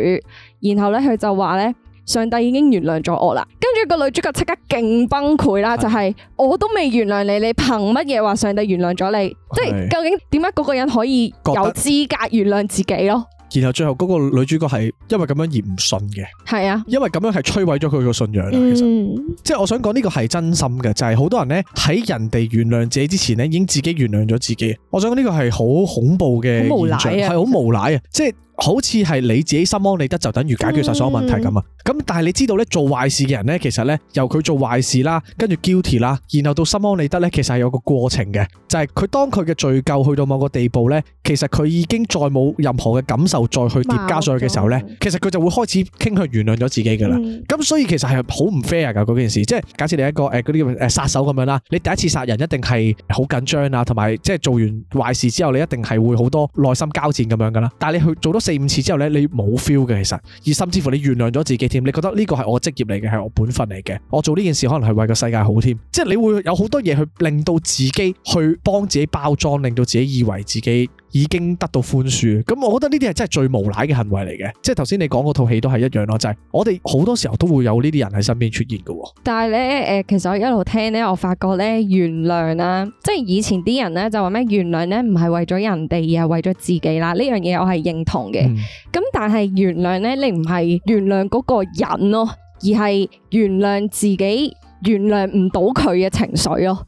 [SPEAKER 3] 然後咧佢就話咧。上帝已經原諒咗我啦，跟住，個女主角即刻勁崩潰啦，係呀，就係、是、我都未原諒你，你憑乜嘢，話上帝原諒咗你？即係究竟點解嗰個人可以有資格原諒自己咯？
[SPEAKER 1] 然後最後嗰個女主角係因為咁樣而唔信嘅，係啊，因為咁樣係摧毀咗佢個信仰啊。其實，嗯、即係我想講呢個係真心嘅，就係、是、好多人呢喺人哋原諒自己之前呢已經自己原諒咗自己。我想講呢個係好恐怖嘅現象，係好無賴啊無，即係。好似係你自己心安理得就等於解決晒所有問題咁啊！咁、嗯、但係你知道咧，做壞事嘅人咧，其實咧由佢做壞事啦，跟住 guilty 啦，然後到心安理得咧，其實係有個過程嘅，就係、是、佢當佢嘅罪疚去到某個地步咧，其實佢已經再冇任何嘅感受再去疊加上去嘅時候咧，嗯、其實佢就會開始傾向原諒咗自己噶啦。咁、嗯、所以其實係好唔 fair 噶嗰件事，即係假設你一個誒啲誒殺手咁樣啦，你第一次殺人一定係好緊張啊，同埋即係做完壞事之後你一定係會好多內心交戰咁樣噶啦，但係你去做多。四五次之後呢，你冇 feel 嘅，其實，而甚至乎你原諒咗自己添，你覺得呢個係我職業嚟嘅，係我本分嚟嘅，我做呢件事可能係為個世界好添，即係你會有好多嘢，去令到自己去幫自己包裝，令到自己以為自己。已經得到寬恕，咁我覺得呢啲係真係最無賴嘅行為嚟嘅。即係頭先你講嗰套戲都係一樣咯，就係、是、我哋好多時候都會有呢啲人喺身邊出現嘅。
[SPEAKER 3] 但係咧，誒、呃，其實我一路聽咧，我發覺咧、啊，原諒啦，即係以前啲人咧就話咩原諒咧，唔係為咗人哋，而係為咗自己啦。呢樣嘢我係認同嘅。咁但係原諒咧，你唔係原諒嗰個人咯，而係原諒自己。原諒唔到佢嘅情緒咯，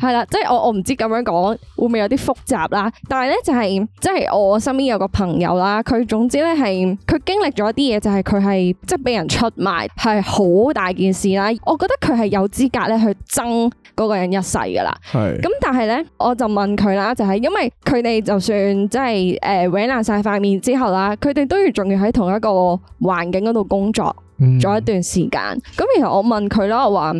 [SPEAKER 3] 係啦、嗯，即係我我唔知咁樣講會唔會有啲複雜啦，但係咧就係即係我身邊有個朋友啦，佢總之咧係佢經歷咗啲嘢，就係佢係即係俾人出賣，係好大件事啦。我覺得佢係有資格咧去憎嗰個人一世噶啦。係咁係，但係咧我就問佢啦，就係、係、因為佢哋就算即係誒搲爛晒塊面之後啦，佢哋都要仲要喺同一個環境嗰度工作咗一段時間。咁、嗯、然後我問佢啦，我話。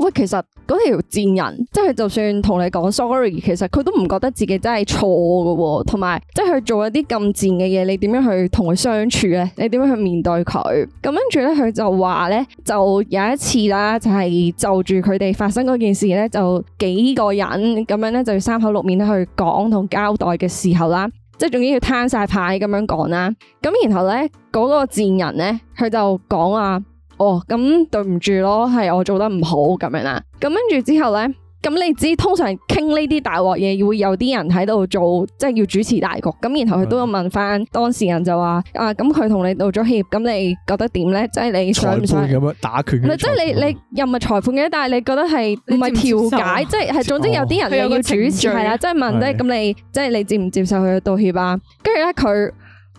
[SPEAKER 3] 喂，其實嗰條賤人，即係就算同你講 sorry，其實佢都唔覺得自己真係錯㗎喎。同埋，即係佢做一啲咁賤嘅嘢，你點樣去同佢相處咧？你點樣去面對佢？咁跟住咧，佢就話咧，就有一次啦，就係就住佢哋發生嗰件事咧，就幾個人咁樣咧，就三口六面去講同交代嘅時候啦，即係仲要要攤晒牌咁樣講啦。咁然後咧，嗰個賤人咧，佢就講啊。哦，咁對唔住咯，係我做得唔好咁樣啦。咁跟住之後咧，咁你知通常傾呢啲大鑊嘢，會有啲人喺度做，即係要主持大局。咁然後佢都要問翻當事人就，就話、嗯、啊，咁佢同你道咗歉，咁你覺得點咧？即係你想唔想？
[SPEAKER 1] 裁判打拳唔係嘅，即係你你
[SPEAKER 3] 又唔係裁判嘅，但係你覺得係唔係調解？接接啊、即係係，總之有啲人要主持係啦。即係問咧，咁你即係你接唔接受佢嘅道歉啊？跟住咧佢。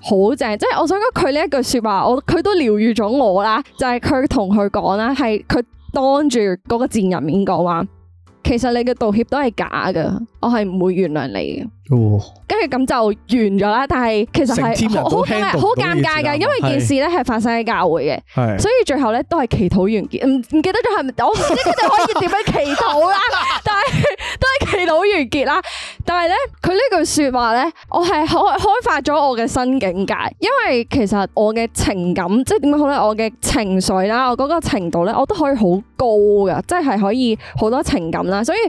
[SPEAKER 3] 好正，即係我想講佢呢一句說話，療，我佢都療愈咗我啦。就係佢同佢講啦，係佢當住嗰個賤人面講話，其實你嘅道歉都係假㗎，我係唔會原諒你嘅。跟住咁就完咗啦，但係其實係好尷尬，好尷尬噶，因為件事咧係發生喺教會嘅，所以最後咧都係祈禱完結，唔唔記得咗係咪？我唔知佢哋可以點樣祈禱啦，但係都係祈禱完結啦。但係咧，佢呢句說話咧，我係開開發咗我嘅新境界，因為其實我嘅情感，即係點講好咧，我嘅情緒啦，我嗰個程度咧，我都可以好高噶，即係可以好多情感啦，所以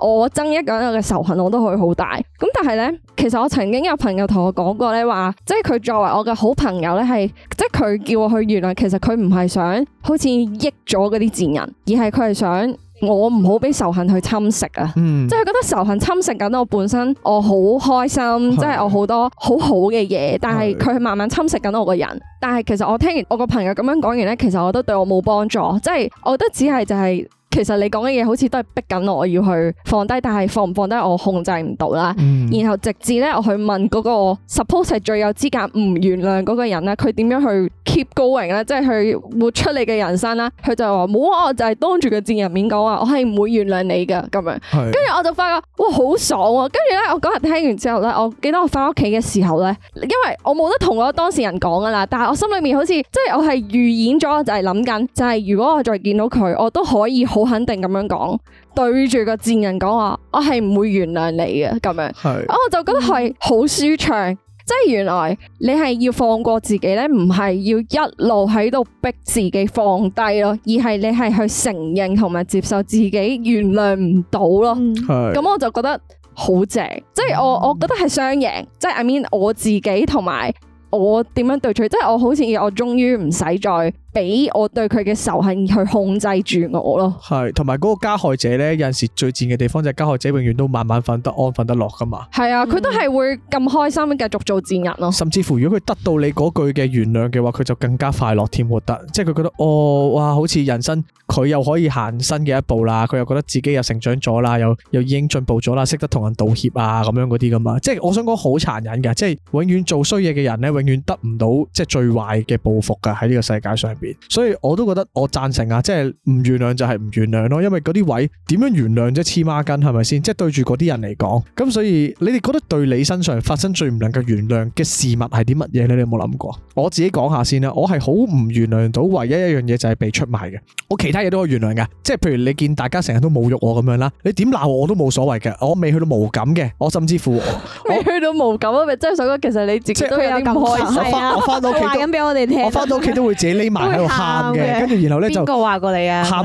[SPEAKER 3] 我憎一個人我嘅仇恨，我都可以好大，咁但係。係咧，其實我曾經有朋友同我講過咧，話即係佢作為我嘅好朋友咧，係即係佢叫我去原諒，其實佢唔係想好似益咗嗰啲賤人，而係佢係想我唔好俾仇恨去侵蝕啊。嗯，即係佢覺得仇恨侵蝕緊我本身，我好開心，是的 即係我好多好好嘅嘢，但係佢係慢慢侵蝕緊我個人。但係其實我聽完我個朋友咁樣講完咧，其實我都對我冇幫助，即係我覺得只係就係。其實你講嘅嘢好似都係逼緊我，我要去放低，但係放唔放低我控制唔到啦。嗯、然後直至咧，我去問嗰、嗰個 suppose 最有資格唔原諒嗰個人咧，佢點樣去 keep going 咧，即係去活出你嘅人生啦。佢就話冇啊，我就係當住個賤人面講啊。我係唔會原諒你噶咁樣。跟住是 我就發覺哇，好爽、啊！跟住咧，我嗰日聽完之後咧，我記得我翻屋企嘅時候咧，因為我冇得同我當事人講噶啦，但係我心裏面好似即係我係預演咗，就係諗緊，就係如果我再見到佢，我都可以好。好肯定咁樣講，對住個賤人講話，我係唔會原諒你嘅咁樣。係是，我就覺得係好舒暢，即係原來你係要放過自己咧，唔係要一路喺度逼自己放低咯，而係你係去承認同埋接受自己原諒唔到咯。係是，咁我就覺得好正，即係我我覺得係雙贏，嗯、即係 I mean 我自己同埋我點樣對處，即係我好似要我終於唔使再。俾我對佢嘅仇恨去控制住
[SPEAKER 1] 我咯，係同埋嗰個加害者咧，有陣時最賤嘅地方就係加害者永遠都慢慢瞓得安瞓得落噶嘛，
[SPEAKER 3] 係啊，佢都係會咁開心咁繼續做賤人咯，嗯、
[SPEAKER 1] 甚至乎如果佢得到你嗰句嘅原諒嘅話，佢就更加快樂添，活得即係佢覺得哦，哇，好似人生佢又可以行新嘅一步啦，佢又覺得自己又成長咗啦，又又已經進步咗啦，識得同人道歉啊咁樣嗰啲噶嘛，即係我想講好殘忍噶，即係永遠做衰嘢嘅人咧，永遠得唔到即係最壞嘅報復噶喺呢個世界上。所以我都覺得我贊成啊，即係唔原諒就係唔原諒咯，啊，因為嗰啲位點樣原諒啫，啊？黐孖筋係咪先？即係、就是、對住嗰啲人嚟講，咁所以你哋覺得對你身上發生最唔能夠原諒嘅事物係啲乜嘢咧？你有冇諗過？我自己講下先啦，我係好唔原諒到唯一一樣嘢就係被出賣嘅，我其他嘢都可以原諒噶。即係譬如你見大家成日都侮辱我咁樣啦，你點鬧我都冇所謂嘅，我未去到無感嘅，我甚至乎我，
[SPEAKER 4] 我未去到無感啊！ 即係所以其實你自己都是有咁開心，我翻到屋企俾我哋聽，我翻到屋企都會自己匿埋。喺度喊嘅，跟住然後咧就喊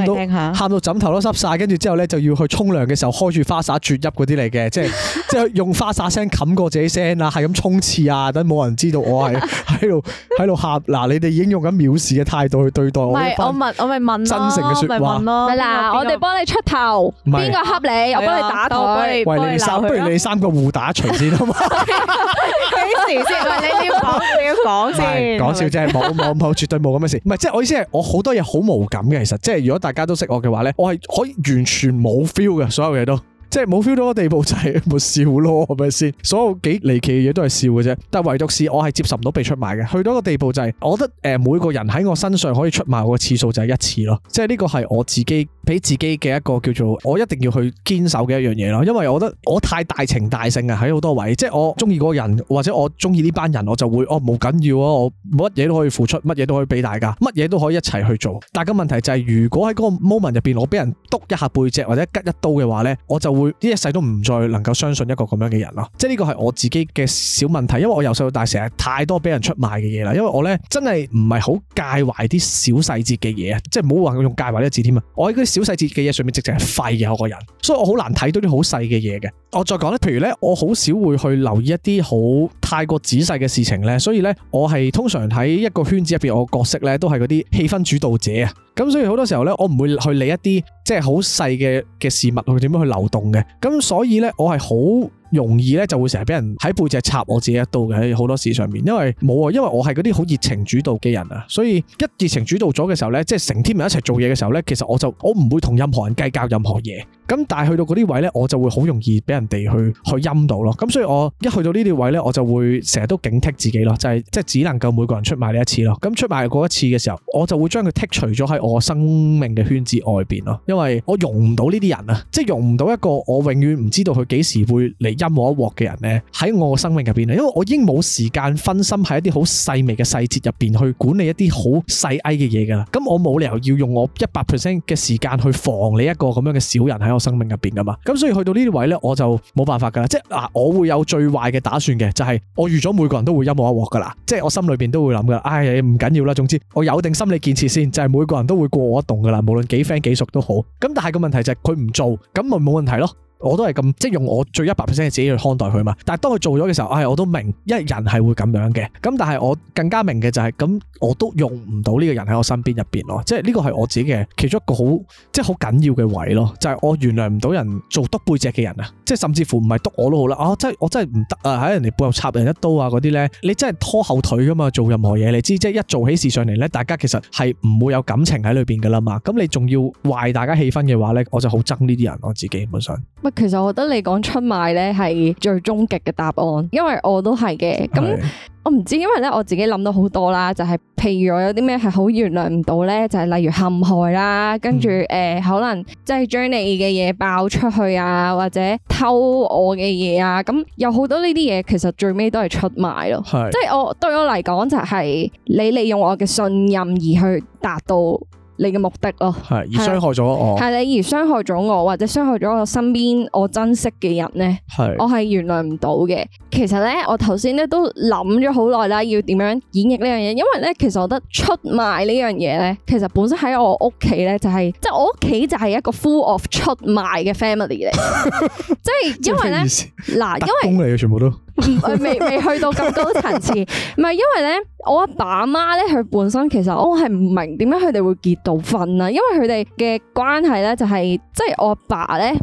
[SPEAKER 4] 到，
[SPEAKER 1] 喊到枕頭都濕晒。跟住之後咧就要去沖涼嘅時候開住花灑啜泣嗰啲嚟嘅，即係即係用花灑聲冚過自己聲啦，係咁衝刺啊，等冇人知道我係喺度喺度喊。嗱，你哋已經用緊藐視嘅態度去對待我，我問
[SPEAKER 4] 我咪問真誠嘅説話。
[SPEAKER 3] 嗱，我哋幫你出頭，邊個恰你？我幫你打佢，喂，你
[SPEAKER 1] 三佢。不如你三個互打隨先，好嘛？
[SPEAKER 5] 幾時先？喂，你要講你要講先。講笑啫，冇
[SPEAKER 1] 冇冇，絕對冇咁嘅事。即係我意思係我好多嘢好無感嘅，其實即係如果大家都識我嘅話咧，我係可以完全冇 feel 嘅，所有嘢都。即係冇 feel 到個地步就係冇笑咯，係咪先？所有幾離奇嘅嘢都係笑嘅啫。但係唯獨是我係接受唔到被出賣嘅。去到一個地步就係、是，我覺得誒，每個人喺我身上可以出賣我嘅次數就係一次咯。即係呢個係我自己俾自己嘅一個叫做我一定要去堅守嘅一樣嘢咯。因為我覺得我太大情大性啊喺好多位，即係我中意嗰個人或者我中意呢班人，我就會哦冇緊要啊，我乜嘢都可以付出，乜嘢都可以俾大家，乜嘢都可以一齊去做。但係個問題就係、是，如果喺嗰個 moment 入邊我俾人督一下背脊或者吉一刀嘅話呢，我就會。呢一世都唔再能夠相信一個咁樣嘅人咯，即係呢個係我自己嘅小問題，因為我由細到大成日太多俾人出賣嘅嘢啦，因為我呢真係唔係好介懷啲小細節嘅嘢，即係唔好話用介懷呢個字添啊，我喺啲小細節嘅嘢上面直情係廢嘅我個人，所以我好難睇到啲好細嘅嘢嘅。我再講呢，譬如呢，我好少會去留意一啲好太過仔細嘅事情呢，所以咧我係通常喺一個圈子入邊，我角色呢都係嗰啲氣氛主導者啊。咁所以好多時候呢，我唔會去理一啲即係好細嘅嘅事物去點樣去流動嘅。咁所以呢，我係好容易呢就會成日俾人喺背脊插我自己一刀嘅，喺好多事上面，因為冇啊，因為我係嗰啲好熱情主導嘅人啊。所以一熱情主導咗嘅時候呢，即係成天人一齊做嘢嘅時候呢，其實我就我唔會同任何人計較任何嘢。咁但係去到嗰啲位咧，我就會好容易俾人哋去去陰到咯。咁所以我一去到呢啲位咧，我就會成日都警惕自己咯，就係即係只能夠每個人出賣呢一次咯。咁出賣過一次嘅時候，我就會將佢剔除咗喺我生命嘅圈子外邊咯。因為我容唔到呢啲人啊，即係容唔到一個我永遠唔知道佢幾時會嚟陰我一鑊嘅人咧，喺我生命入邊啊。因為我已經冇時間分心喺一啲好細微嘅細節入邊去管理一啲好細翳嘅嘢噶啦。咁我冇理由要用我一百 percent 嘅時間去防你一個咁樣嘅小人喺生命入面噶嘛，咁所以去到呢啲位呢，我就冇辦法噶啦，即係嗱、啊，我會有最壞嘅打算嘅，就係、是、我預咗每個人都會陰我一鑊噶啦，即係我心裏邊都會諗噶唉，唔、哎、緊要啦，總之我有定心理建設先，就係、是、每個人都會過我一棟噶啦，無論幾 friend 幾熟都好，咁但係個問題就係佢唔做，咁咪冇問題咯。我都係咁，即係用我最一百 percent 嘅自己去看待佢嘛。但係當佢做咗嘅時候，唉、哎，我都明，因為人係會咁樣嘅。咁但係我更加明嘅就係、是，咁我都用唔到呢個人喺我身邊入邊咯。即係呢個係我自己嘅其中一個好，即係好緊要嘅位咯。就係、是、我原諒唔到人做督背脊嘅人啊。即係甚至乎唔係督我都好啦。啊，即係我真係唔得啊！喺人哋背後插人一刀啊，嗰啲咧，你真係拖後腿噶嘛。做任何嘢你知，即係一做起事上嚟咧，大家其實係唔會有感情喺裏邊噶啦嘛。咁你仲要壞大家氣氛嘅話咧，我就好憎呢啲人。我自己基本上。
[SPEAKER 3] 其實我覺得你講出賣咧係最終極嘅答案，因為我都係嘅。咁的我唔知，因為咧我自己諗到好多啦，就係、是、譬如我有啲咩係好原諒唔到咧，就係、是、例如陷害啦，跟住誒、嗯呃、可能即係將你嘅嘢爆出去啊，或者偷我嘅嘢啊，咁有好多呢啲嘢，其實最尾都係出賣咯。即係的我對我嚟講就係你利用我嘅信任而去達到你嘅目的咯，
[SPEAKER 5] 係而傷害
[SPEAKER 1] 咗我，係你
[SPEAKER 3] 而傷害咗我，或者傷害咗我身邊我珍惜嘅人咧，係是我係原諒唔到嘅。其實咧，我頭先咧都諗咗好耐啦，要點樣演繹呢樣嘢？因為咧，其實我覺得出賣呢樣嘢咧，其實本身喺我屋企咧就係、是，即、就、係、是、我屋企就係一個 full of 出賣嘅 family 嚟，即係 因為咧嗱，因為打工嚟嘅全部都。 未未去到咁高層次，唔係 因為咧，我阿爸阿媽咧，佢本身其實我係唔明點解佢哋會結到婚啦、啊，因為佢哋嘅關係咧就係、是、即係我阿爸咧。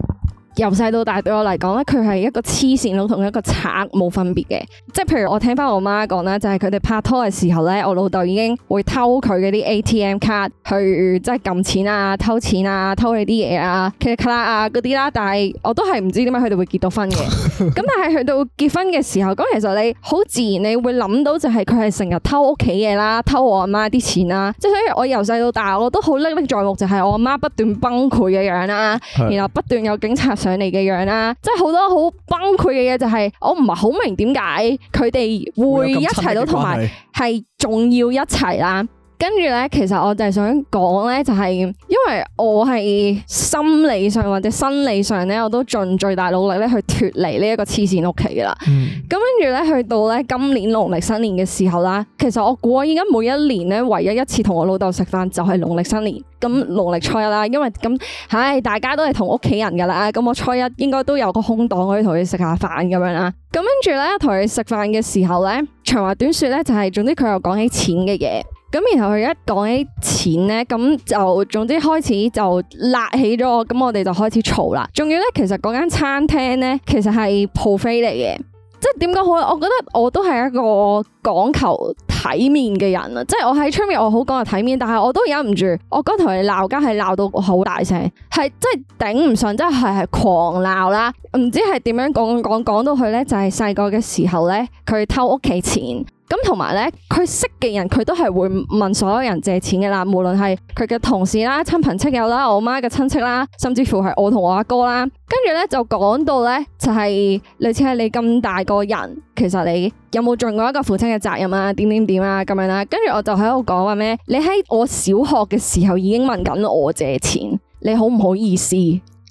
[SPEAKER 3] 由細到大對我嚟講咧，佢係一個黐線佬同一個賊冇分別嘅，即係譬如我聽翻我媽講啦，就係佢哋拍拖嘅時候咧，我老豆已經會偷佢嗰啲 ATM 卡去即係撳錢啊、偷錢啊、偷佢啲嘢啊、卡卡啦啊嗰啲啦，但係我都係唔知點解佢哋會結到婚嘅。咁 但係去到結婚嘅時候，咁其實你好自然你會諗到就係佢係成日偷屋企嘢啦、偷我阿媽啲錢啦、啊，即係所以我由細到大我都好歷歷在目就，就係我阿媽不斷崩潰嘅樣啦，然後不斷有警察上嚟嘅樣啦，即係好多好崩潰嘅嘢，就係、是、我唔係好明點解佢哋會一齊到，同埋係仲要一齊啦。跟住咧，其實我就係想講咧，就係、是、因為我係心理上或者生理上咧，我都盡最大努力咧去脱離、嗯、呢一個黐線屋企噶啦。咁跟住咧，去到咧今年農曆新年嘅時候啦，其實我估我而家每一年咧，唯一一次同我老豆食飯就係農曆新年，咁農曆初一啦，因為咁，唉，大家都係同屋企人噶啦，咁我初一應該都有個空檔可以同佢食下飯咁樣啦。咁跟住咧，同佢食飯嘅時候咧，長話短說咧，就係、是，總之佢又講起錢嘅嘢。咁然後佢一講起錢咧，咁就總之開始就辣起咗，咁我哋就開始嘈啦。仲要咧，其實嗰間餐廳咧，其實係 buffet 嚟嘅，即係點講好？我覺得我都係一個講求體面嘅人啊，即係我喺出面我好講求體面，但係我都忍唔住，我剛同佢鬧交係鬧到好大聲，係真係頂唔順，即係係狂鬧啦，唔知係點樣講講講到佢咧，就係細個嘅時候咧，佢偷屋企錢。咁同埋咧，佢識嘅人佢都係會問所有人借錢嘅啦，無論係佢嘅同事啦、親朋戚友啦、我媽嘅親戚啦，甚至乎係我同我阿哥，哥啦。跟住咧就講到咧，就係、就是、類似係你咁大個人，其實你有冇盡過一個父親嘅責任啊？點點點啊咁樣啦、啊。跟住我就喺度講話咩？你喺我小學嘅時候已經問緊我借錢，你好唔好意思？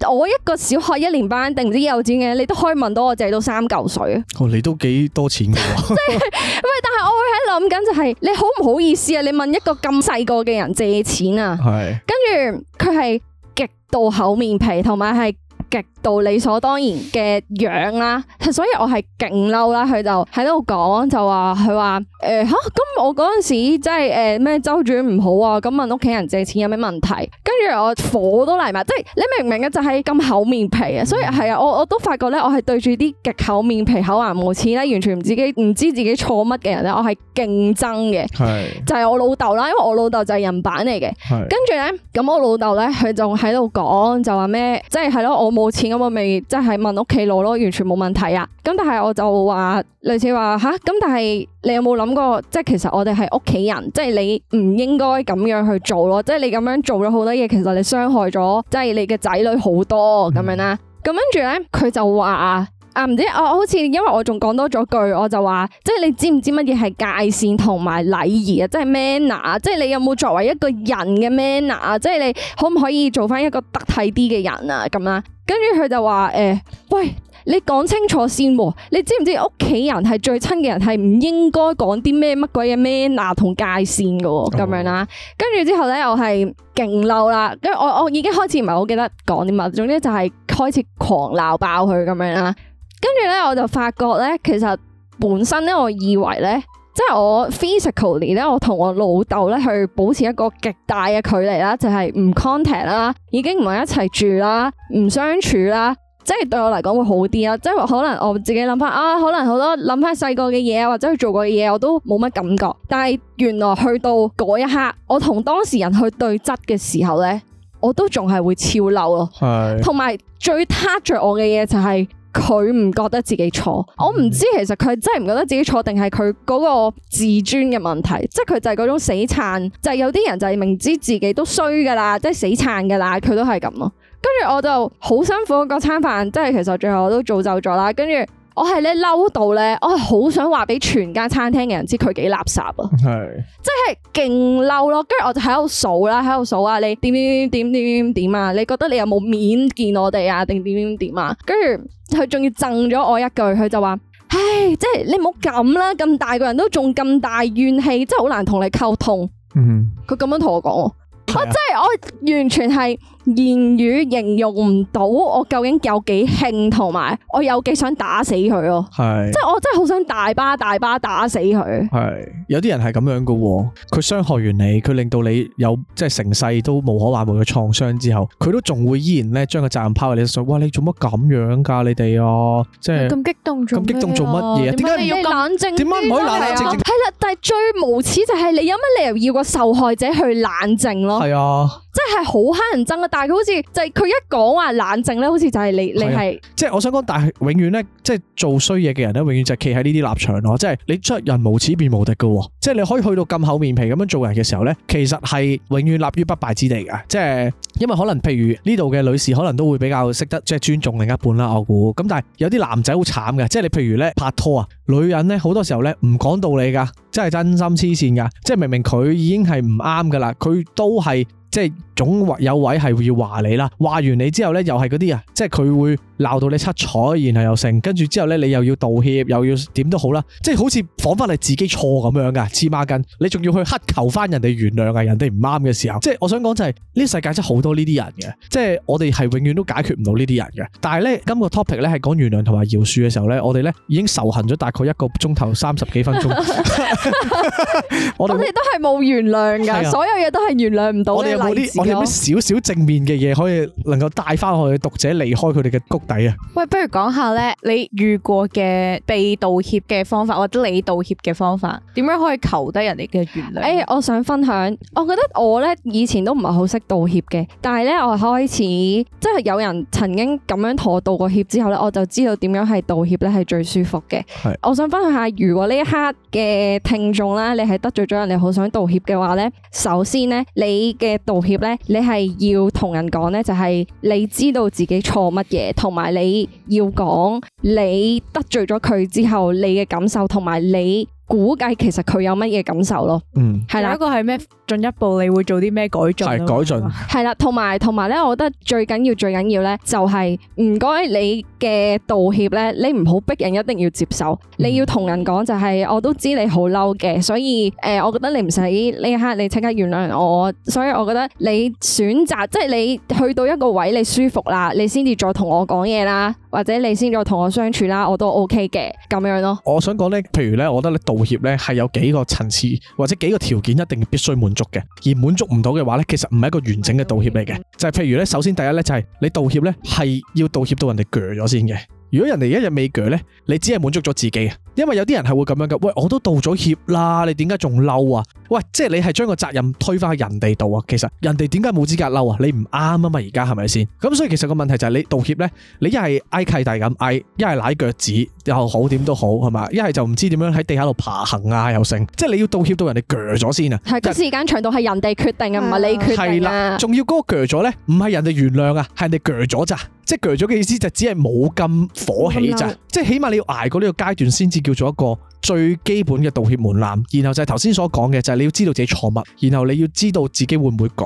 [SPEAKER 3] 我一個小學一年班定唔知幼稚園嘅，你都可以問到我借到三嚿水。
[SPEAKER 1] 哦，你都幾多錢嘅？
[SPEAKER 3] 即係，喂，但係我會喺度諗緊，就係你好唔好意思啊？你問一個咁細個嘅人借錢啊？係。跟住佢係極度厚面皮，同埋係極。道理所當然嘅樣啦，所以我係勁嬲啦。佢就喺度講就話佢話誒嚇，咁、呃、我嗰陣時即係誒咩周轉唔好啊，咁問屋企人借錢有咩問題？跟住我火都嚟埋，即係你明唔明嘅？就係、是、咁厚面皮啊！嗯、所以係啊，我我都發覺咧，我係對住啲極厚面皮、口硬冇錢咧，完全唔自己唔知自己錯乜嘅人咧，我係勁憎嘅。係，就係我老豆啦，因為我老豆就係人板嚟嘅。跟住咧，咁我老豆咧，佢仲喺度講就話咩？即係係咯，我冇錢。咁我咪即係問屋企佬咯，完全冇問題啊！咁但係我就話類似話吓，咁但係你有冇諗過，即係其實我哋係屋企人，即係你唔應該咁樣去做咯，即係你咁樣做咗好多嘢，其實你傷害咗即係你嘅仔女好多咁樣啦。咁跟住咧，佢就話。啊唔知，哦、我好似因為我仲講多咗句，我就話，即係你知唔知乜嘢係界線同埋禮儀啊，即係 manner 即係你有冇作為一個人嘅 manner 啊，即係你可唔可以做翻一個得體啲嘅人啊？咁啦，跟住佢就話，誒、欸、喂，你講清楚先，啊、你知唔知屋企人係最親嘅人，係唔應該講啲咩乜鬼嘢 manner 同界線嘅咁，啊、樣啦。跟住之後咧又係勁嬲啦，跟住我我，我已經開始唔係好記得講啲乜，總之就係開始狂鬧爆佢咁樣啦。跟住咧，我就發覺咧，其實本身咧，我以為咧，即係我 physically 咧，我同我老豆咧去保持一個極大嘅距離啦，就係唔 contact 啦，已經唔係一齊住啦，唔相處啦，即係對我嚟講會好啲啦。即係可能我自己諗翻啊，可能好多諗翻細個嘅嘢啊，或者去做過嘅嘢，我都冇乜感覺。但係原來去到嗰一刻，我同當事人去對質嘅時候咧，我都仲係會超嬲咯。
[SPEAKER 5] 係，同
[SPEAKER 3] 埋最撻著我嘅嘢就係。佢唔覺得自己錯，我唔知其實佢真係唔覺得自己錯，定係佢嗰個自尊嘅問題，即係佢就係嗰種死撐，就係、是、有啲人就係明知自己都衰㗎喇，即係死撐㗎喇，佢都係咁咯。跟住我就好辛苦嗰、那個、餐飯，即係其實最後我都早走咗啦。跟住。我係咧嬲到咧，我係好想話俾全間餐廳嘅人知佢幾垃圾啊！
[SPEAKER 5] 係的，
[SPEAKER 3] 即係勁嬲咯。跟住我就喺度數啦，喺度數啊！你點點點點點點點啊？你覺得你有冇面見我哋啊？定點點點啊？跟住佢仲要贈咗我一句，佢就話：唉，即係你唔好咁啦，咁大個人都仲咁大怨氣，真係好難同你溝通。嗯，佢咁樣同我講，的我真係我完全係。言語形容唔到我究竟有幾㷫，同埋我有幾想打死佢咯。係是，即係我真係好想大巴大巴打死佢。
[SPEAKER 1] 係，有啲人係咁樣㗎，佢傷害完你，佢令到你有即係成世都無可挽回嘅創傷之後，佢都仲會依然咧將個責任拋喺你身上，哇！你做乜咁樣㗎、啊？你哋啊，即係咁激
[SPEAKER 4] 動、啊，咁激動做乜嘢？點解
[SPEAKER 3] 要冷靜？點解唔可以冷靜？係啦，啊啊、但係最無恥就係你有乜理由要個受害者去冷靜咯？係啊。即係好乞人憎啊！但係佢好似就係、是、佢一講話冷靜咧，好似就係你你係
[SPEAKER 1] 即係我想講，但係永遠咧，即係做衰嘢嘅人咧，永遠就係企喺呢啲立場咯。即係你出人無恥變無敵噶，即係你可以去到咁厚面皮咁樣做人嘅時候咧，其實係永遠立於不敗之地嘅。即係因為可能譬如呢度嘅女士可能都會比較識得即係尊重另一半啦。我估咁，但係有啲男仔好慘嘅，即係你譬如咧拍拖啊，女人咧好多時候咧唔講道理噶，真係真心黐線噶，即係明明佢已經係唔啱噶啦，佢都係。即係總有位係會要話你啦，話完你之後咧，又係嗰啲啊，即係佢會鬧到你七彩，然後又剩。跟住之後咧，你又要道歉，又要點都好啦，即係好似仿翻你自己錯咁樣噶，黐孖筋，你仲要去乞求翻人哋原諒啊？人哋唔啱嘅時候，即係我想講就係、是、呢世界真係好多呢啲人嘅，即係我哋係永遠都解決唔到呢啲人嘅。但係咧，今個 topic 咧係講原諒同埋饒恕嘅時候咧，我哋咧已經仇恨咗大概一個鐘頭三十幾分鐘， 我
[SPEAKER 3] 哋都係冇原諒嘅，的所有嘢都係原諒唔到。 啲，我有咩
[SPEAKER 1] 少少正面嘅嘢可以能夠帶翻去讀者離開佢哋嘅谷底啊？
[SPEAKER 4] 喂，不如講下咧，你遇過嘅被道歉嘅方法或者你道歉嘅方法，點樣可以求得人哋嘅
[SPEAKER 3] 原諒？誒、哎，我想分享，我覺得我咧以前都唔係好識道歉嘅，但係咧我開始即係有人曾經咁樣同我道過歉之後咧，我就知道點樣係道歉咧係最舒服嘅。是我想分享下，如果呢一刻嘅聽眾啦，你係得罪咗人哋，好想道歉嘅話咧，首先咧你嘅。道歉呢，你係要同人講呢，就係、是、你知道自己錯乜嘢，同埋你要講你得罪咗佢之後，你嘅感受同埋你。估計其實佢有乜嘢感受咯，
[SPEAKER 1] 嗯，係啦，
[SPEAKER 3] 一個係咩？進一步你會做啲咩改進？係改進，係啦，同埋同埋咧，我覺得最緊要最緊要咧，就係唔該你嘅道歉咧，你唔好逼人一定要接受，你要同人講就係，我都知你好嬲嘅，所以誒，我覺得你唔使呢一刻你即刻原諒我，所以我覺得你選擇即係你去到一個位你舒服啦，你先至再同我講嘢啦，或者你先再同我相處啦，我都 OK 嘅咁樣咯。
[SPEAKER 1] 我想講咧，譬如咧，我覺得你道歉。道歉咧係有幾個層次或者幾個條件，一定必須滿足嘅。而滿足唔到嘅話咧，其實唔係一個完整嘅道歉嚟嘅。就係譬如咧，首先第一咧就係你道歉咧係要道歉到人哋鋸咗先嘅。如果人哋一日未鋸咧，你只係滿足咗自己，因為有啲人係會咁樣㗎。喂，我都道咗歉啦，你點解仲嬲啊？喂，即係你係將個責任推返喺人哋度啊！其實人哋點解冇資格嬲啊？你唔啱啊嘛，而家係咪先？咁所以其實個問題就係你道歉咧，你一係挨契弟咁挨，一係舐腳趾又好，點都好係嘛？一係就唔知點樣喺地下度爬行啊，又剩，即係你要道歉到人哋鋸咗先啊！個的但時
[SPEAKER 3] 間長度係人哋決定啊，唔係你決定啊！係啦，
[SPEAKER 1] 仲要嗰個鋸咗咧，唔係人哋原諒啊，係人哋鋸咗咋？即係鋸咗嘅意思就只係冇咁火氣咋，嗯嗯、即係起碼你要挨過呢個階段先至叫做一個。最基本嘅道歉門檻，然後就係頭先所講嘅，就係、是、你要知道自己錯乜，然後你要知道自己會唔會改，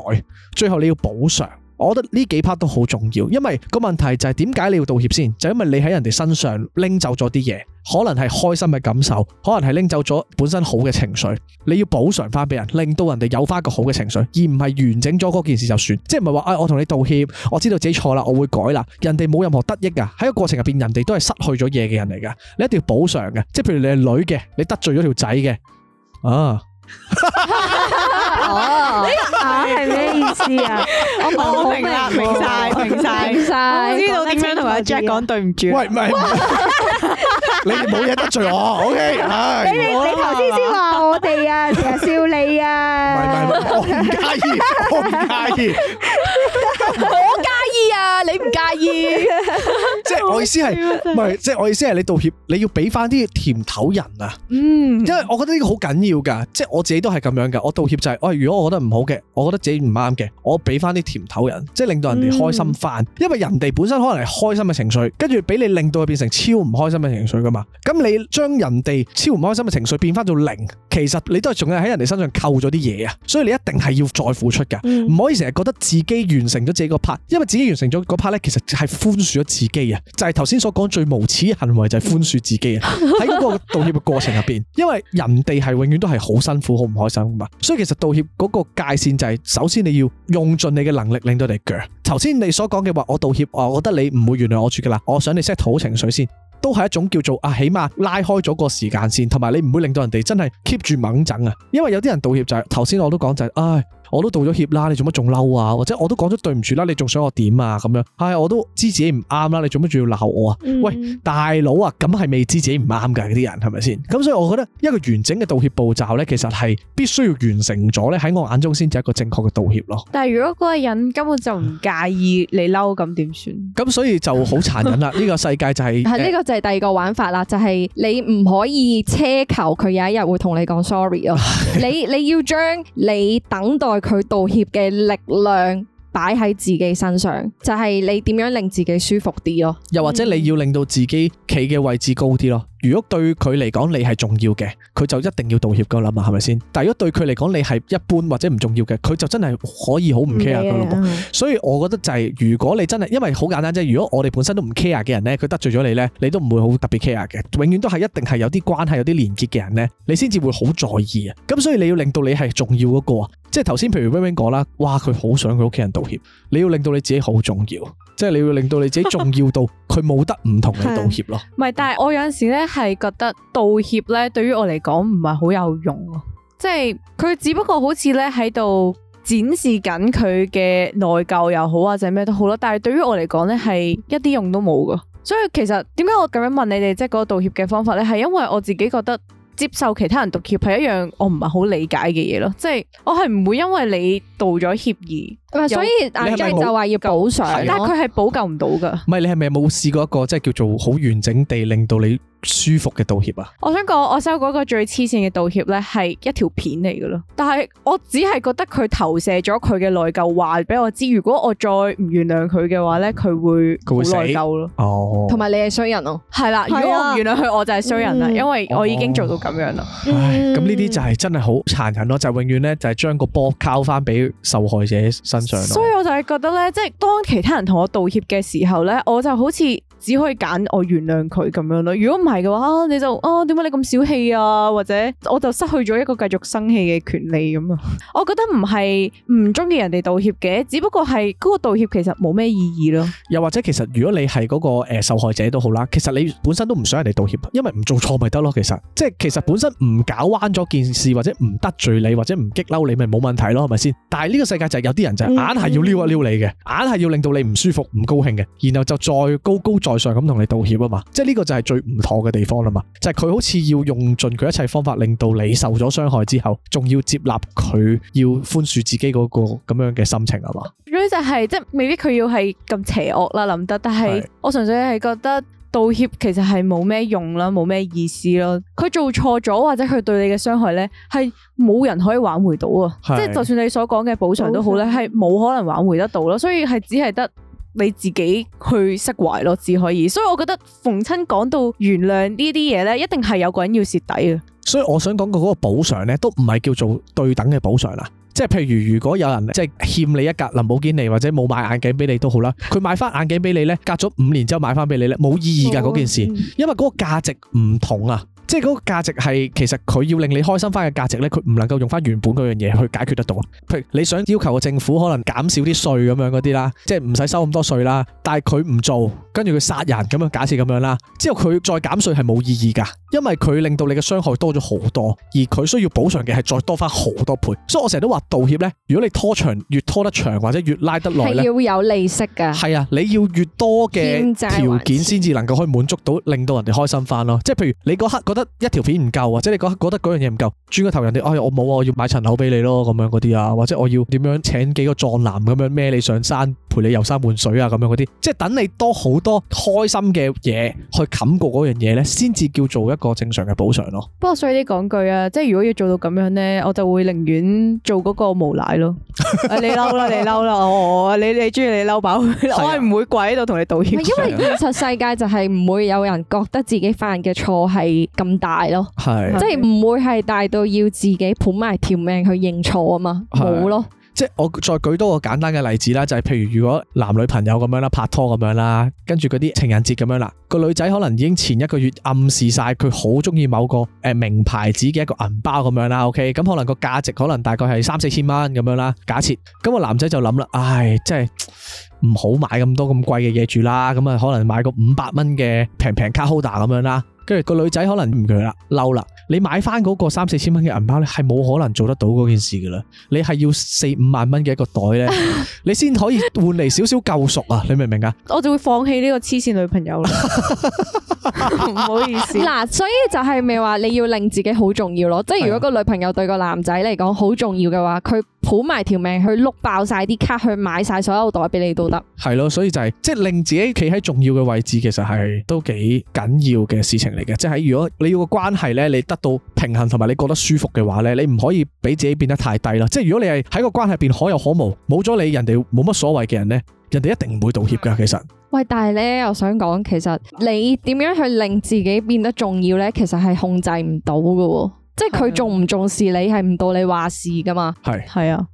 [SPEAKER 1] 最後你要補償。我覺得呢幾 part 都好重要，因為個問題就係點解你要道歉先？就是、因為你喺人哋身上拎走咗啲嘢。可能係開心嘅感受，可能係拎走咗本身好嘅情緒。你要補償翻俾人，令到人哋有翻個好嘅情緒，而唔係完整咗嗰件事就算。即係唔係話，唉、哎，我同你道歉，我知道自己錯啦，我會改啦。人哋冇任何得益啊。喺個過程入邊，人哋都係失去咗嘢嘅人嚟㗎。你一定要補償嘅。即係譬如你係女嘅，你得罪咗條仔嘅，啊，
[SPEAKER 4] 哦、 啊，呢個係咩意思啊？我，我明晒明晒明晒，明我，我，我知道點說得 樣同阿 Jack 講對唔住、啊。喂唔係。
[SPEAKER 6] 你冇嘢得罪我，OK？唉，你你頭先先話我哋啊，成日笑你啊，唔係唔係，我唔介意，我唔介意，我
[SPEAKER 3] 介。啊，你唔介意？
[SPEAKER 1] 即係我意思係，唔係 即係我意思係，你道歉你要俾翻啲甜頭人啊，嗯，因為我覺得呢個好緊要噶，即係我自己都係咁樣噶，我道歉就係、是、我如果我覺得唔好嘅，我覺得自己唔啱嘅，我俾翻啲甜頭人，即係令到人哋開心翻，嗯、因為人哋本身可能係開心嘅情緒，跟住俾你令到佢變成超唔開心嘅情緒噶嘛，咁你將人哋超唔開心嘅情緒變翻做零，其實你都係仲係喺人哋身上扣咗啲嘢啊，所以你一定係要再付出噶，唔可以成日覺得自己完成咗自己個 part，因為自完成咗嗰 part 咧，其實係寬恕咗自己啊！就係頭先所講最無恥嘅行為就係寬恕自己啊！喺嗰個道歉嘅過程入邊，因為人哋係永遠都係好辛苦、好唔開心噶嘛。所以其實道歉嗰個界線就係，首先你要用盡你嘅能力令到你哋鋸。頭先你所講嘅話，我道歉啊，我覺得你唔會原諒我住噶啦。我想你 set 好情緒先，都係一種叫做啊，起碼拉開咗個時間線，同埋你唔會令到人哋真係 keep 住猛整啊。因為有啲人道歉就係頭先我都講就係、是，唉。我都道咗歉啦，你做乜仲嬲啊？或者我都講咗對唔住啦，你仲想我點啊？咁樣，係、哎、我都知自己唔啱啦，你做乜仲要鬧我啊？嗯、喂，大佬啊，咁係未知自己唔啱噶，啲人係咪先？咁 所以我覺得一個完整嘅道歉步驟咧，其實係必須要完成咗咧，喺我眼中先至一個正確嘅道歉咯。
[SPEAKER 4] 但係如果嗰個人根本就唔介意你嬲，咁點算？
[SPEAKER 1] 咁所以就好殘忍啦，呢 個世界就係、是、呢、 呢個
[SPEAKER 4] 就係第二個玩法
[SPEAKER 3] 啦，就係、是、你唔可以奢求佢有一日會同你講 sorry 咯。你你要將你等待。佢道歉嘅力量擺喺自己身上，就係你點樣令自己舒服啲咯？又或者你
[SPEAKER 1] 要令到自己企嘅位置高啲咯？如果對佢嚟講，你係重要嘅，佢就一定要道歉噶啦嘛，係咪先？但如果對佢嚟講，你係一般或者唔重要嘅，佢就真係可以好唔 care 噶啦。你啊、所以我覺得就係如果你真係，因為好簡單啫。如果我哋本身都唔 care 嘅人咧，佢得罪咗你咧，你都唔會好特別 care 嘅。永遠都係一定係有啲關係、有啲連結嘅人咧，你先至會好在意啊。咁所以你要令到你係重要嗰個啊，即係頭先譬如 Winwin 講啦，哇，佢好想佢屋企人道歉。你要令到你自己好重要。即係你會令到你自己重要到佢冇得唔同你道歉咯。
[SPEAKER 4] 唔係，但係我有陣時咧係覺得道歉咧對於我嚟講唔係好有用啊。即係佢只不過好似咧喺度展示緊佢嘅內疚又好，或者咩都好啦。但係對於我嚟講咧係一啲用都冇噶。所以其實點解我咁樣問你哋即係嗰個道歉嘅方法咧，係因為我自己覺得。接受其他人道歉係一樣我唔係好理解嘅嘢咯，即、就、係、是、我係唔會因為你道咗歉而，是所以亞姐就話要補償，啊、但係佢係補救唔到嘅。
[SPEAKER 1] 唔係，你係咪冇試過一個即係叫做好完整地令到你？
[SPEAKER 4] 舒服嘅道歉啊！我想講，我收嗰個最黐線嘅道歉咧，係一條片嚟嘅咯。但係我只係覺得佢投射咗佢嘅內疚話俾我知，如果我再唔原諒佢嘅話咧，佢會會內疚咯。
[SPEAKER 1] 哦、oh. 啊，
[SPEAKER 3] 同
[SPEAKER 4] 埋你係衰人哦，係啦。如果我唔原諒佢，我就係衰人啦，mm. 因為我已經做到咁樣啦。Oh. Oh. 唉，
[SPEAKER 1] 咁呢啲就係真係好殘忍咯，就係，永遠咧就係將個波交翻俾受害者身上。Mm. 所
[SPEAKER 4] 以我就係覺得咧，即、就、係、係、當其他人同我道歉嘅時候咧，我就好似。只可以揀我原諒佢咁樣咯。如果唔係嘅話，你就啊點解你咁小氣啊？或者我就失去咗一個繼續生氣嘅權利咁啊？ 我覺得唔係唔中意人哋道歉嘅，只不過係嗰個道歉其實冇咩意義咯。
[SPEAKER 1] 又或者其實如果你係嗰個誒受害者都好啦，其實你本身都唔想人哋道歉，因為唔做錯咪得咯。其實即係其實本身唔搞彎咗件事，或者唔得罪你，或者唔激嬲你，咪冇問題咯，係咪先？但係呢個世界就係有啲人就硬係要撩一撩你嘅，硬係、mm hmm. 要令到你唔舒服、唔高興嘅，然後就再高高在。上咁同你道歉啊嘛，即係呢個就係最唔妥嘅地方啦嘛，就係佢好似要用盡佢一切方法令到你受咗傷害之後，仲要接納佢要寬恕自己嗰個咁樣嘅心情啊嘛。嗰
[SPEAKER 4] 啲就係、是、即係未必佢要係咁邪惡啦諗得，但係我純粹係覺得道歉其實係冇咩用啦，冇咩意思咯。佢做錯咗或者佢對你嘅傷害咧，係冇人可以挽回到啊，即係是就算你所講嘅補償都好咧，係冇償可能挽回得到咯。所以係只係得。你自己去釋懷咯，只可以，所以我覺得逢親講到原諒呢啲嘢呢，一定係有個人要蝕底嘅。
[SPEAKER 1] 所以我想講嘅嗰個補償呢，都唔係叫做對等嘅補償啦。即係譬如，如果有人即係欠你一格林寶堅尼或者冇買眼鏡俾你都好啦，佢買翻眼鏡俾你呢，隔咗五年之後買翻俾你呢，冇意義噶嗰件事，oh. 因為嗰個價值唔同啊。即係嗰個價值係，其實佢要令你開心翻嘅價值咧，佢唔能夠用翻原本嗰樣嘢去解決得到。譬如你想要求個政府可能減少啲稅咁樣嗰啲啦，即係唔使收咁多稅啦，但係佢唔做。跟住佢殺人咁樣，假設咁樣啦，之後佢再減稅係冇意義噶，因為佢令到你嘅傷害多咗好多，而佢需要補償嘅係再多翻好多倍。所以我成日都話道歉呢：如果你拖長越拖得長或者越拉得耐咧，係要
[SPEAKER 3] 有利息
[SPEAKER 5] 噶。
[SPEAKER 1] 係啊，你要越多嘅條件先至能夠可以滿足到令到人哋開心翻咯。即係譬如你嗰刻覺得一條片唔夠啊，即你嗰刻覺得嗰樣嘢唔夠，轉個頭人哋、哎，我冇啊，我要買層樓俾你咯，咁樣嗰啲啊，或者我要點樣請幾個壯男咁樣孭你上山，陪你遊山玩水啊，咁樣嗰啲，即係等你多好。多開心嘅嘢，去冚過嗰樣嘢咧，先至叫做一個正常嘅補償咯。不
[SPEAKER 4] 過衰啲講句啊，即係如果要做到咁樣咧，我就會寧願做嗰個無賴咯。你嬲啦，你嬲啦，我你你中意你嬲飽，我係唔會跪喺度同你道歉。因為現實
[SPEAKER 3] 世界就係唔會有人覺得自己犯嘅錯係咁大咯，即係唔會係大到要自己盤埋條命去認錯啊嘛，冇咯。
[SPEAKER 1] 即係我再舉多個簡單嘅例子啦，就係譬如如果男女朋友咁樣啦，拍拖咁樣啦，跟住嗰啲情人節咁樣啦，個女仔可能已經前一個月暗示晒佢好中意某個誒名牌子嘅一個銀包咁樣啦，OK，咁可能個價值可能大概係三四千蚊咁樣啦，假設，咁個男仔就諗啦，唉，真係唔好買咁多咁貴嘅嘢住啦，咁啊可能買個五百蚊嘅平平卡 holder 咁樣啦。跟住個女仔可能唔強啦，嬲啦。你買翻嗰個三四千蚊嘅銀包咧，係冇可能做得到嗰件事噶啦。你係要四五萬蚊嘅一個袋咧， 你先可以換嚟少少救贖啊！你明唔明啊？
[SPEAKER 4] 我就會放棄呢個黐線女朋友啦。唔 好意
[SPEAKER 3] 思，嗱、啊，所以就係咪話你要令自己好重要咯？即係如果個女朋友對個男仔嚟講好重要嘅話，佢抱埋條命去碌爆晒啲卡，去買晒所有袋俾你都得。
[SPEAKER 1] 係咯，所以就係即係令自己企喺重要嘅位置，其實係都幾緊要嘅事情。嚟嘅，即係如果你要個關係咧，你得到平衡同埋你覺得舒服嘅話咧，你唔可以俾自己變得太低啦。即係如果你係喺個關係入邊可有可無，冇咗你人哋冇乜所謂嘅人咧，人哋一定唔會道歉噶。其實，
[SPEAKER 3] 喂，但係咧，我想講，其實你點樣去令自己變得重要咧，其實係控制唔到噶，即係佢重唔重視你係唔到你話事
[SPEAKER 4] 噶嘛。係係啊。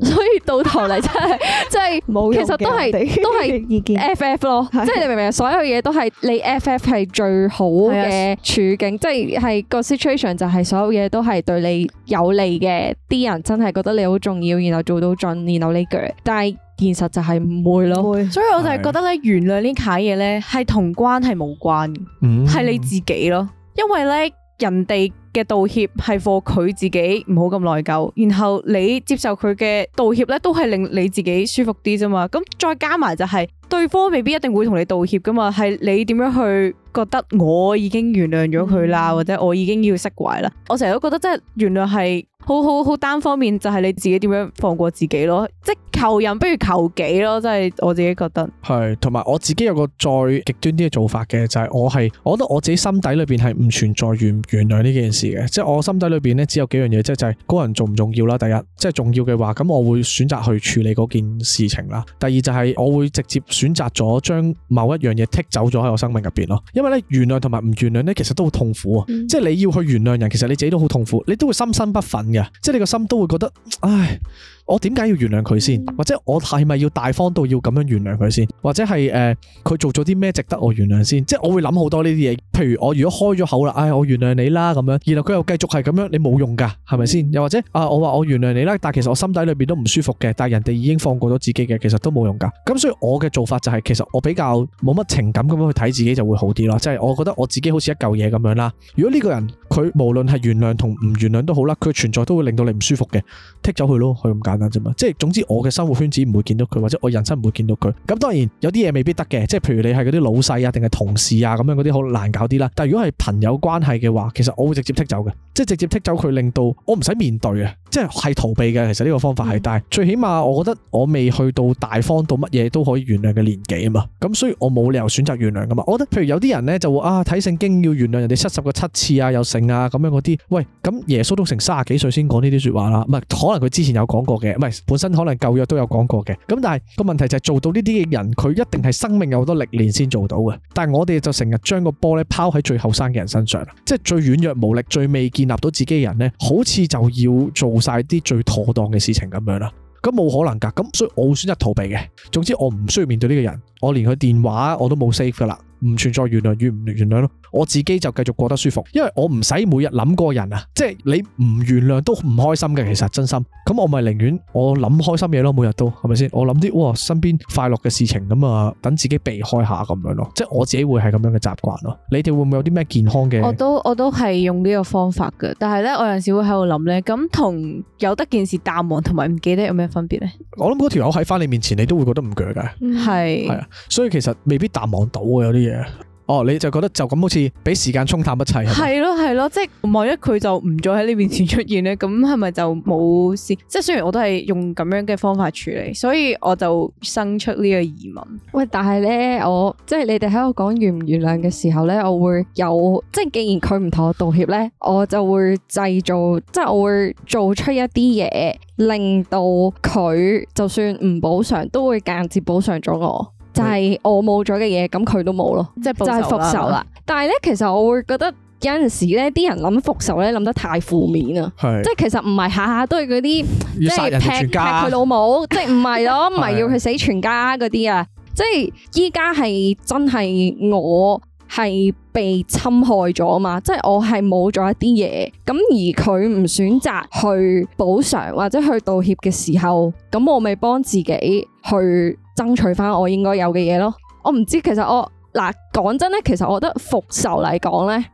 [SPEAKER 3] 所以到頭嚟，真係 真係是，其實都係都係意見 FF 咯，是的 即係你明唔明？所有嘢，都係你 FF 係最好嘅處境，即係係個 situation 的就係所有嘢都係對你有利嘅。啲人真係覺得你好重要，然後做到盡，然後呢句。但係現實就係唔會咯。不會，所
[SPEAKER 4] 以我
[SPEAKER 5] 就係覺得咧，
[SPEAKER 2] 是
[SPEAKER 4] 的 原諒呢啲卡嘢咧，係同關係無關
[SPEAKER 5] 嘅，係、
[SPEAKER 4] 嗯、你自己咯。因為咧，人哋。嘅道歉係 for 佢自己唔好咁內疚，然後你接受佢嘅道歉咧，都係令你自己舒服啲啫嘛。咁再加埋就係、是。對方未必一定會同你道歉噶嘛，係你點樣去覺得我已經原諒咗佢啦，或者我已經要釋懷啦？我成日都覺得真係原諒係好好好單方面，就係你自己點樣放過自己咯，即求人不如求己咯，真係我自己覺得。
[SPEAKER 1] 係同埋我自己有個再極端啲嘅做法嘅，就係、是、我係我覺得我自己心底裏邊係唔存在原原諒呢件事嘅，即係我心底裏邊咧只有幾樣嘢，即係就係嗰人重唔重要啦。第一，即係重要嘅話，咁我會選擇去處理嗰件事情啦。第二就係我會直接。選擇咗將某一樣嘢，剔走咗喺我生命入邊咯，因為呢，原諒同埋唔原諒呢，其實都好痛苦啊！嗯、即係你要去原諒人，其實你自己都好痛苦，你都會心生不忿嘅，即係你個心都會覺得，唉。我點解要原諒佢先？或者我係咪要大方到要咁樣原諒佢先？或者係誒佢做咗啲咩值得我原諒先？即係我會諗好多呢啲嘢。譬如我如果開咗口啦，唉、哎，我原諒你啦咁樣。然後佢又繼續係咁樣，你冇用㗎，係咪先？又或者啊，我話我原諒你啦，但係其實我心底裏邊都唔舒服嘅。但係人哋已經放過咗自己嘅，其實都冇用㗎。咁所以我嘅做法就係、是、其實我比較冇乜情感咁樣去睇自己就會好啲咯。即係我覺得我自己好似一嚿嘢咁樣啦。如果呢個人佢無論係原諒同唔原諒都好啦，佢存在都會令到你唔舒服嘅，剔走佢咯，佢咁解。即係總之，我嘅生活圈子唔會見到佢，或者我人生唔會見到佢。咁當然有啲嘢未必得嘅，即係譬如你係嗰啲老細啊，定係同事啊咁樣嗰啲好難搞啲啦。但係如果係朋友關係嘅話，其實我會直接剔走嘅，即係直接剔走佢，令到我唔使面對嘅，即係逃避嘅。其實呢個方法係，但係最起碼我覺得我未去到大方到乜嘢都可以原諒嘅年紀啊嘛。咁所以我冇理由選擇原諒噶嘛。我覺得譬如有啲人呢，就會啊睇聖經要原諒人哋七十個七次啊有剩啊咁樣嗰啲。喂，咁耶穌都成三十幾歲先講呢啲說話啦，唔係可能佢之前有講過嘅。唔係本身可能舊約都有講過嘅，咁但係個問題就係做到呢啲嘅人，佢一定係生命有好多歷練先做到嘅。但係我哋就成日將個波咧拋喺最後生嘅人身上，即係最軟弱無力、最未建立到自己嘅人呢，好似就要做晒啲最妥當嘅事情咁樣啦。咁冇可能噶。咁所以我選擇逃避嘅。總之我唔需要面對呢個人，我連佢電話我都冇 save 噶啦。唔存在原諒與唔原諒咯，我自己就繼續過得舒服，因為我唔使每日諗個人啊，即係你唔原諒都唔開心嘅，其實真心。咁我咪寧願我諗開心嘢咯，每日都係咪先？我諗啲哇身邊快樂嘅事情咁啊，等自己避開下咁樣咯，即係我自己會係咁樣嘅習慣咯。你哋會唔會有啲咩健康嘅？我
[SPEAKER 4] 都我都係用呢個方法嘅，但係咧我有時會喺度諗咧，咁同有得件事淡忘同埋唔記得有咩分別咧？
[SPEAKER 1] 我諗嗰條友喺翻你面前，你都會覺得唔鋸嘅，
[SPEAKER 4] 係係啊，
[SPEAKER 1] 所以其實未必淡忘到嘅有啲。哦，yeah. oh，你就覺得就咁好似俾時間沖淡一切，係
[SPEAKER 4] 咯係咯，即係萬一佢就唔再喺呢邊前出現咧，咁係咪就冇事？即係雖然我都係用咁樣嘅方法處理，所以我就生出呢個疑問。
[SPEAKER 3] 喂，但係咧，我即係你哋喺度講原唔原諒嘅時候咧，我會有即係，既然佢唔同我道歉咧，我就會製造，即係我會做出一啲嘢，令到佢就算唔補償，都會間接補償咗我。但係我冇咗嘅嘢，咁佢都冇咯，就係復仇啦。但係咧，其實我會覺得有陣時咧，啲人諗復仇咧諗得太負面啦。是 即係其實唔係下下都係嗰啲，即係劈佢老母，即係唔係咯，唔係要佢死全家嗰啲是啊。即係依家係真係我係被侵害咗嘛？即係我係冇咗一啲嘢，咁而佢唔選擇去補償或者去道歉嘅時候，咁我咪幫自己去。爭取翻我應該有嘅嘢咯，我唔知其實我嗱，講真咧，其實我覺得復仇嚟講咧，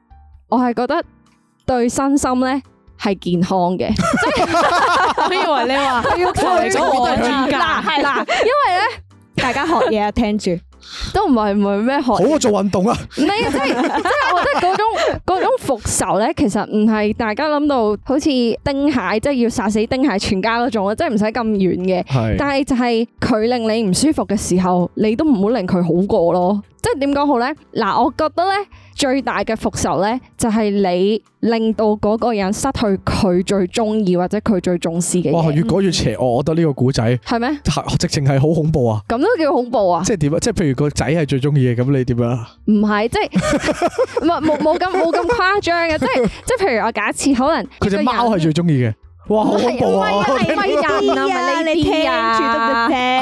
[SPEAKER 3] 我係覺得對身心咧係健康嘅。即係我以為你話 要求離咗好多天假，嗱，係啦， 因為咧
[SPEAKER 2] 大家學嘢、啊、
[SPEAKER 3] 聽住。都唔係唔係咩學好做運動啊？唔係即係
[SPEAKER 4] 即係，我覺得嗰種
[SPEAKER 3] 嗰種復仇咧，其實唔係大家諗到好似丁蟹即係、就是、要殺死丁蟹全家嗰種啊，即係唔使咁遠嘅。係，但係就係佢令你唔舒服嘅時候，你都唔好令佢好過咯。即係點講好咧？嗱，我覺得咧。最大嘅復仇咧，就係、是、你令到嗰個人失去佢最中意或者佢最重視
[SPEAKER 1] 嘅嘢。哇，越講越邪惡，嗯、我覺得呢個古仔係咩？嗎直情係好恐怖啊！
[SPEAKER 3] 咁都叫恐怖啊
[SPEAKER 1] 即？即係點啊？即係譬如個仔係最中意嘅，咁你點啊？唔
[SPEAKER 3] 係，即係唔係冇冇咁冇咁誇張嘅， 即係即係譬如我假設可能佢隻貓
[SPEAKER 1] 係最中意嘅。
[SPEAKER 3] 哇，好恐怖啊！咪人是啊，咪你，啊、你聽啊，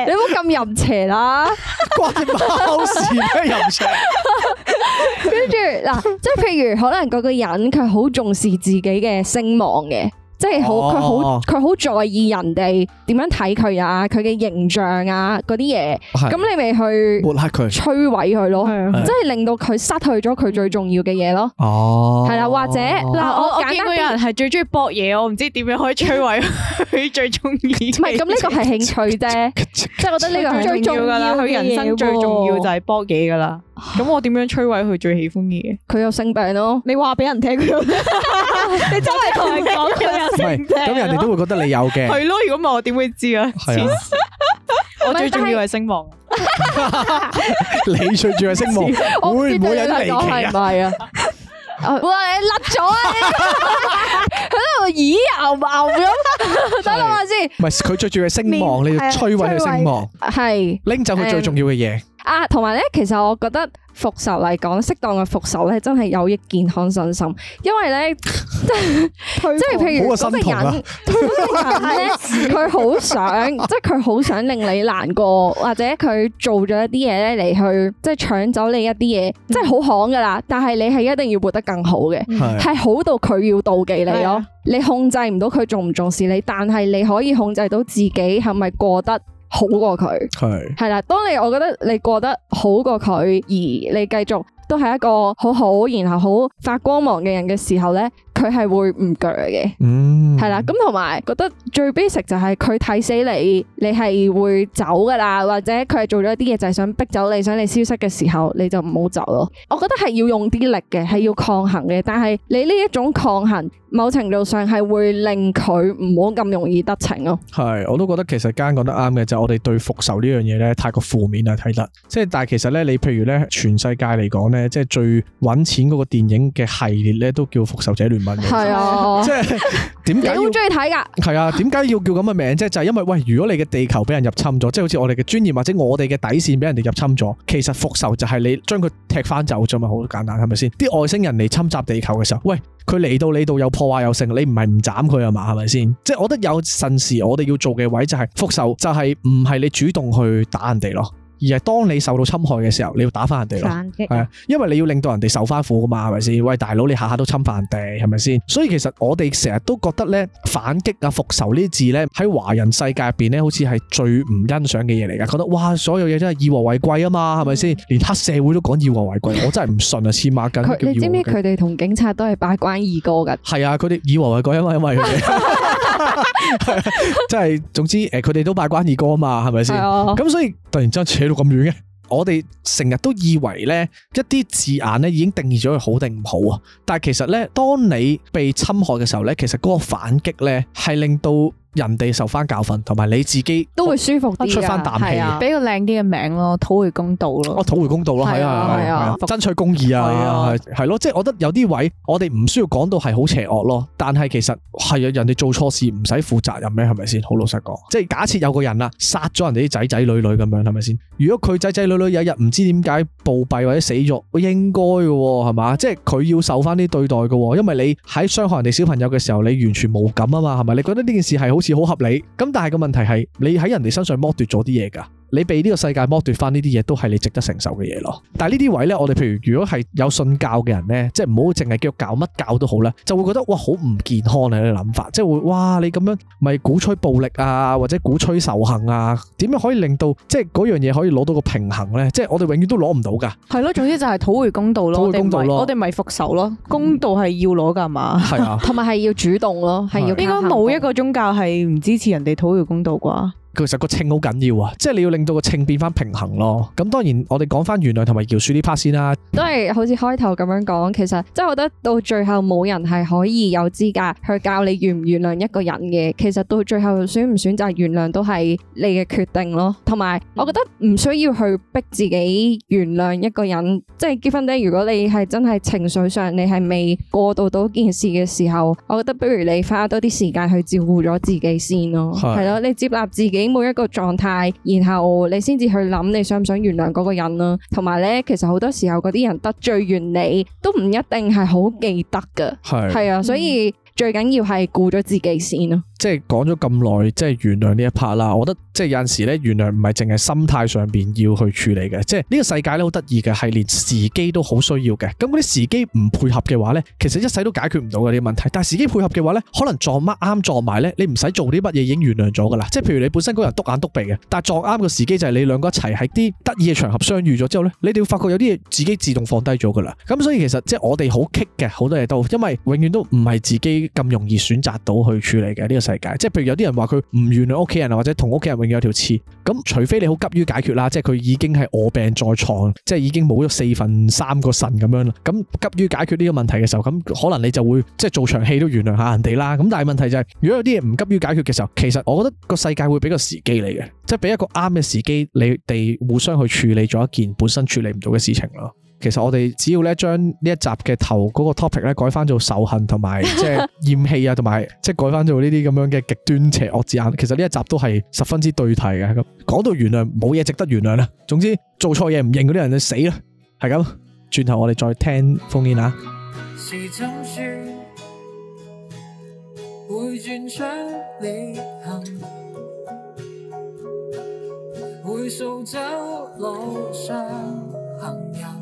[SPEAKER 3] 你唔好咁淫邪啦、啊， 關啲貓事咩淫邪？ 跟住嗱，即係譬如可能嗰個人佢好重視自己嘅聲望嘅。即係好，佢，好，佢好在意人哋點樣睇佢啊，佢嘅形象啊，嗰啲嘢。咁你咪去抹黑佢，摧毀佢咯，即係令到佢失去咗佢最重要嘅嘢咯。
[SPEAKER 4] 哦，係啦，或者嗱，我我見有人係最中意博嘢，我唔知點樣可以摧毀佢最中意。唔係，咁呢個係興趣啫，即係我覺得呢個最重要噶啦，佢人生最重要就係博嘢噶啦。咁我點樣摧毀佢最喜歡嘅嘢？佢有性病咯，你話俾人聽佢。你
[SPEAKER 2] 真
[SPEAKER 6] 係同人講佢有
[SPEAKER 4] 性嘅，咁人哋都會覺得你
[SPEAKER 6] 有
[SPEAKER 1] 嘅。係
[SPEAKER 4] 咯，如果唔係我點會知啊？我最中意係聲望，
[SPEAKER 1] 你最重要係聲望，會
[SPEAKER 4] 唔會有啲離奇啊？我
[SPEAKER 3] 話你笠咗啊！喺度耳牛牛咁，等我話先。唔
[SPEAKER 1] 係佢最重要係聲望，你要摧毀佢聲望，
[SPEAKER 3] 係拎走佢最重要嘅嘢。啊，同埋咧，其實我覺得復仇嚟講，適當嘅復仇咧，真係有益健康身心。因為咧，即係 動 譬如嗰個人，佢好 想，即係佢好想令你難過，或者佢做咗一啲嘢咧嚟去，即係搶走你一啲嘢，嗯、即係好狠㗎啦。但係你係一定要活得更好嘅，係、嗯、好到佢要妒忌你咯。嗯、你控制唔到佢重唔重視你，但係你可以控制到自己係咪過得。好過佢係係啦，當你我覺得你過得好過佢，而你繼續都係一個好好，然後好發光芒嘅人嘅時候呢。佢係會唔鋸嘅，係啦，嗯，咁同埋覺得最 basic 就係佢睇死你，你係會走噶啦，或者佢係做咗一啲嘢就係想逼走你，想你消失嘅時候，你就唔好走咯。我覺得係要用啲力嘅，係要抗衡嘅，但係你呢一種抗衡，某程度上係會令佢唔好咁容易得
[SPEAKER 1] 逞咯。係，我都覺得其實間講得啱嘅就係、是、我哋對復仇呢樣嘢咧太過負面啊睇得，即係但係其實咧你譬如咧全世界嚟講咧，即係最搵錢嗰個電影嘅系列咧都叫復仇者聯盟。係啊，即
[SPEAKER 3] 係
[SPEAKER 1] 點解好中意睇噶？係 啊，點解要叫咁嘅名？即就係因為喂，如果你嘅地球俾人入侵咗，即係好似我哋嘅尊嚴或者我哋嘅底線俾人哋入侵咗，其實復仇就係你將佢踢翻走咗，咪好簡單，係咪先？啲外星人嚟侵襲地球嘅時候，喂，佢嚟到你度又破壞又成，你唔係唔斬佢啊嘛？係咪先？即係我覺得有陣時我哋要做嘅位就係復仇，就係唔係你主動去打人哋咯。而係當你受到侵害嘅時候，你要打翻人哋咯，反擊？係啊，因為你要令到人哋受翻苦噶嘛，係咪先？喂，大佬，你下下都侵犯人哋，係咪先？所以其實我哋成日都覺得咧，反擊啊、復仇呢啲字咧，喺華人世界入邊咧，好似係最唔欣賞嘅嘢嚟㗎。覺得哇，所有嘢真係以和為貴啊嘛，係咪先？嗯、連黑社會都講以和為貴，我真係唔信啊，黐孖筋！佢你知唔知佢哋同警察都係拜關二哥㗎？係啊，佢哋以和為貴啊嘛，因為佢哋即係總之誒，佢哋都拜關二哥啊嘛，係咪先？咁所以突然之間。咁遠嘅，我哋成日都以為咧，一啲字眼咧已經定義咗佢好定唔好啊，但係其實咧，當你被侵害嘅時候咧，其實嗰個反擊咧係令到。人哋受翻教訓，同埋你自己
[SPEAKER 4] 都會舒服啲，出翻啖氣，俾、啊、個靚啲嘅名咯，討回公道咯，我、啊、討回公道咯，係啊，係啊，啊啊
[SPEAKER 1] 爭取公義啊，係咯、啊，即係、啊就是、我覺得有啲位，我哋唔需要講到係好邪惡咯，但係其實係啊，人哋做錯事唔使負責任咩？係咪先？好老實講，即、就、係、是、假設有個人啊，殺咗人哋啲仔仔女女咁樣，係咪先？如果佢仔仔女女有日唔知點解暴斃或者死咗，應該嘅喎，係嘛？即係佢要受翻啲對待嘅喎，因為你喺傷害人哋小朋友嘅時候，你完全冇感啊嘛，係咪？你覺得呢件事係好？似好合理，咁但係個問題係，你喺人哋身上剝奪咗啲嘢噶。你被呢個世界剝奪翻呢啲嘢，都係你值得承受嘅嘢咯。但係呢啲位呢，我哋譬如如果係有信教嘅人呢，即係唔好淨係叫教乜教都好咧，就會覺得哇好唔健康啊，呢啲諗法，即係會哇你咁樣咪鼓吹暴力啊，或者鼓吹仇恨啊，點樣可以令到即係嗰樣嘢可以攞到個平衡呢？即係我哋永遠都攞唔到㗎。
[SPEAKER 4] 係咯，總之就係討回公道咯，我哋咪我哋咪復仇咯，公道係要攞㗎嘛，係啊，同埋係要主動咯，係要應該冇一個宗教係唔支持人哋討回公道啩。
[SPEAKER 1] 其實個秤好緊要啊，即係你要令到個秤變翻平衡咯。咁當然我，我哋講翻原諒同埋饒恕呢 part 先啦。
[SPEAKER 3] 都係好似開頭咁樣講，其實即係我覺得到最後冇人係可以有資格去教你原唔原諒一個人嘅。其實到最後選唔選擇原諒都係你嘅決定咯。同埋，我覺得唔需要去逼自己原諒一個人。即係結婚咧，如果你係真係情緒上你係未過渡到件事嘅時候，我覺得不如你花多啲時間去照顧咗自己先咯。係咯是，你接納自己。每一個狀態，然後你先至去諗你想唔想原諒嗰個人咯。啊，同埋咧，其實好多時候嗰啲人得罪完你，都唔一定係好記得嘅，係啊，所以。嗯最緊要係顧咗自己先咯，
[SPEAKER 1] 即係講咗咁耐，即係原諒呢一 part 啦。我覺得即係有陣時咧，原諒唔係淨係心態上邊要去處理嘅，即係呢個世界咧好得意嘅，係連時機都好需要嘅。咁嗰啲時機唔配合嘅話咧，其實一世都解決唔到嘅啲問題。但係時機配合嘅話咧，可能撞乜啱撞埋咧，你唔使做啲乜嘢已經原諒咗噶啦。即係譬如你本身嗰人篤眼篤鼻嘅，但係撞啱個時機就係你兩個一齊喺啲得意嘅場合相遇咗之後咧，你哋會發覺有啲嘢自己自動放低咗噶啦。咁所以其實即係我哋好激嘅，好多嘢都因為永遠都唔係自己。咁容易選擇到去處理嘅呢個世界，即係譬如有啲人話佢唔原諒屋企人，或者同屋企人永遠有條刺。咁除非你好急於解決啦，即係佢已經係臥病在床，即係已經冇咗四分三個腎咁樣啦。咁急於解決呢個問題嘅時候，咁可能你就會即係做場戲都原諒下人哋啦。咁但係問題就係、是，如果有啲嘢唔急於解決嘅時候，其實我覺得個世界會俾個時機你嘅，即係俾一個啱嘅時機，你哋互相去處理咗一件本身處理唔到嘅事情咯。其實我哋只要咧，將呢一集嘅頭嗰個 topic 咧，改翻做仇恨同埋即係厭棄啊，同埋即係改翻做呢啲咁樣嘅極端邪惡字眼。其實呢一集都係十分之對題嘅。咁講到原諒，冇嘢值得原諒啦，啊。總之做錯嘢唔認嗰啲人就死啦。係咁，轉頭我哋再聽封面啊。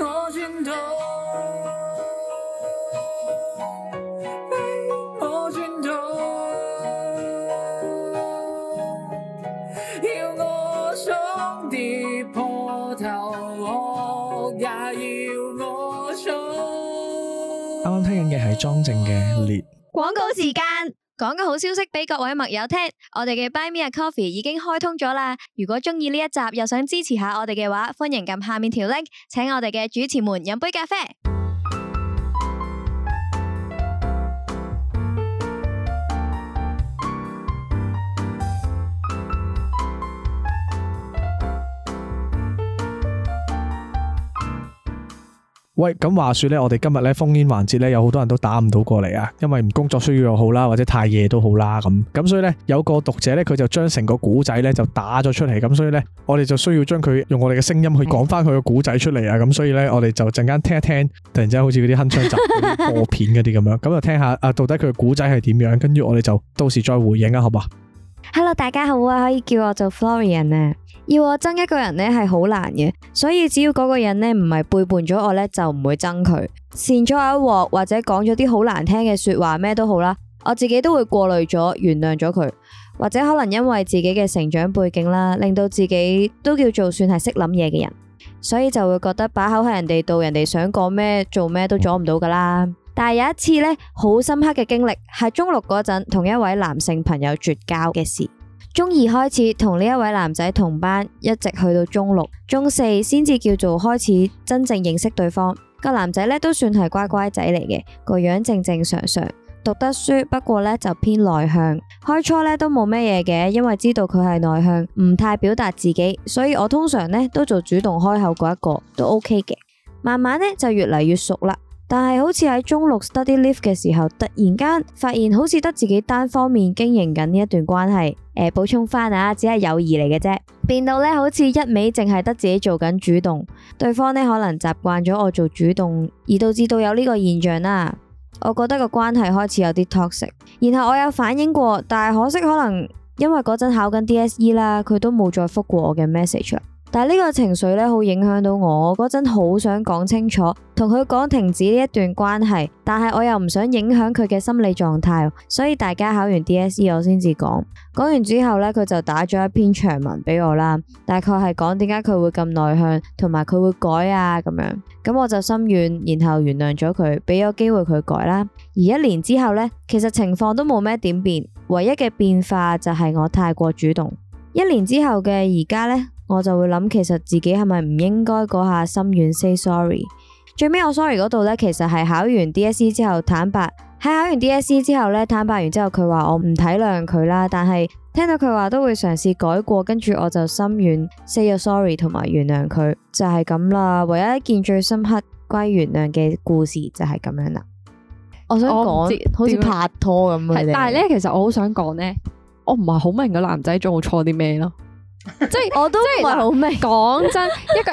[SPEAKER 4] 我轉動，逼我轉動，
[SPEAKER 6] 要我撞跌破頭，我也要我衝。
[SPEAKER 1] 啱啱聽緊嘅係莊正嘅
[SPEAKER 6] 裂。廣告時間。講個好消息俾各位麥友聽，我哋嘅 Buy Me a Coffee 已經開通咗啦！如果鍾意呢一集又想支持下我哋嘅話，歡迎撳下面條 link，請我哋嘅主持們飲杯咖啡。
[SPEAKER 1] 喂，咁話説，咧，我哋今日咧烽煙環節咧，有好多人都打唔到過嚟啊，因為唔工作需要又好啦，或者太夜都好啦咁。咁所以咧，有個讀者咧，佢就將成個古仔咧就打咗出嚟，咁所以咧，我哋就需要將佢用我哋嘅聲音去講翻佢嘅古仔出嚟啊。咁所以咧，我哋就陣間聽一聽，突然之間好似嗰啲鏗鏘集播片嗰啲咁樣，咁就聽下啊，到底佢嘅古仔係點樣？跟住我哋就到時再回應啊，好唔
[SPEAKER 6] hello，大家好啊，可以叫我做 Florian 啊，要我憎一個人呢係好難嘅，所以只要嗰個人呢唔係背叛咗我呢，就唔會憎佢。搧咗我一鑊，或者講咗啲好難聽嘅說話，咩都好啦，我自己都會過濾咗，原諒咗佢。或者可能因為自己嘅成長背景啦，令到自己都叫做算係識諗嘢嘅人，所以就會覺得把口喺人哋度，人哋想講咩做咩都阻唔到㗎啦。但係有一次呢，好深刻嘅經歷係中六嗰陣同一位男性朋友絕交嘅事。中二開始同呢一位男仔同班，一直去到中六，中四先至叫做開始真正認識對方。個男仔呢都算係乖乖仔嚟嘅，個樣正正常常，讀得書，不過呢就偏內向。開初呢都冇咩嘢嘅，因為知道佢係內向，唔太表達自己，所以我通常呢都做主動開口嗰一個，都 OK 嘅。慢慢呢就越嚟越熟啦。但係好似喺中六 study leave 嘅時候，突然間發現好似得自己單方面經營緊呢一段關係。誒、呃，補充翻啊，只係友誼嚟嘅啫，變到咧好似一味淨係得自己做緊主動，對方呢可能習慣咗我做主動，而導致到有呢個現象啦。我覺得個關係開始有啲 toxic。然後我有反映過，但係可惜可能因為嗰陣考緊 DSE 啦，佢都冇再復過我嘅 message。但係呢個情緒咧，好影響到我嗰陣，好想講清楚，同佢講停止呢一段關係。但係我又唔想影響佢嘅心理狀態，所以大家考完 DSE 我先至講。講完之後咧，佢就打咗一篇長文俾我啦，大概係講點解佢會咁內向，同埋佢會改啊咁樣。咁我就心軟，然後原諒咗佢，俾咗機會佢改啦。而一年之後咧，其實情況都冇咩點變，唯一嘅變化就係我太過主動。一年之後嘅而家咧。我就會諗，其實自己係咪唔應該嗰下心軟 say sorry？最尾我 sorry 嗰度咧，其實係考完 DSE 之後坦白。喺考完 DSE 之後咧，坦白完之後佢話我唔體諒佢啦，但係聽到佢話都會嘗試改過，跟住我就心軟 say 咗 sorry 同埋原諒佢，就係咁啦。唯一一件最深刻關於原諒嘅故事就係咁樣啦。我想講好似拍
[SPEAKER 3] 拖咁，但係咧，其實我好想講呢：我唔係好明個男仔做錯啲咩咯。 即係是我都唔係好明。講真，一個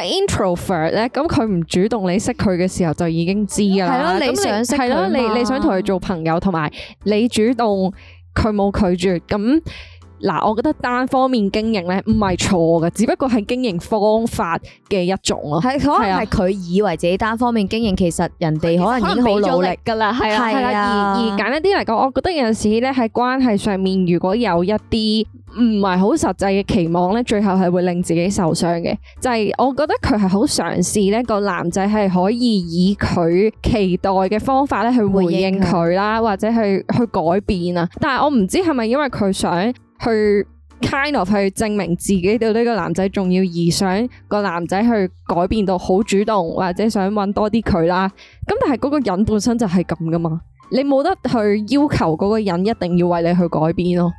[SPEAKER 3] introvert 咧，咁 佢唔主動你識佢嘅時候就已經知㗎喇。係咯，你想識佢，係咯，你你想同佢做朋友，同埋你主動，佢冇拒絕咁。嗱，我覺得單方面經營咧唔係錯嘅，只不過係經營方法嘅一種咯。係可能係佢以為自己單方面經營，其實人哋可能已經好努力噶啦。係啊，係啦。而而簡單啲嚟講，我覺得有陣時咧喺關係上面，如果有一啲唔係好實際嘅期望咧，最後係會令自己受傷嘅。就係、係、我覺得佢係好嘗試咧，個男仔係可以以佢期待嘅方法咧去回應佢啦，或者係去，去改變啊。但係我唔知係咪因為佢想。去 kind of 去證明自己對呢個男仔重要，而想個男仔去改變到好主動，或者想揾多啲佢啦，咁但係嗰個人本身就係咁噶嘛，你冇得去要求嗰個人一定要為你去改變咯，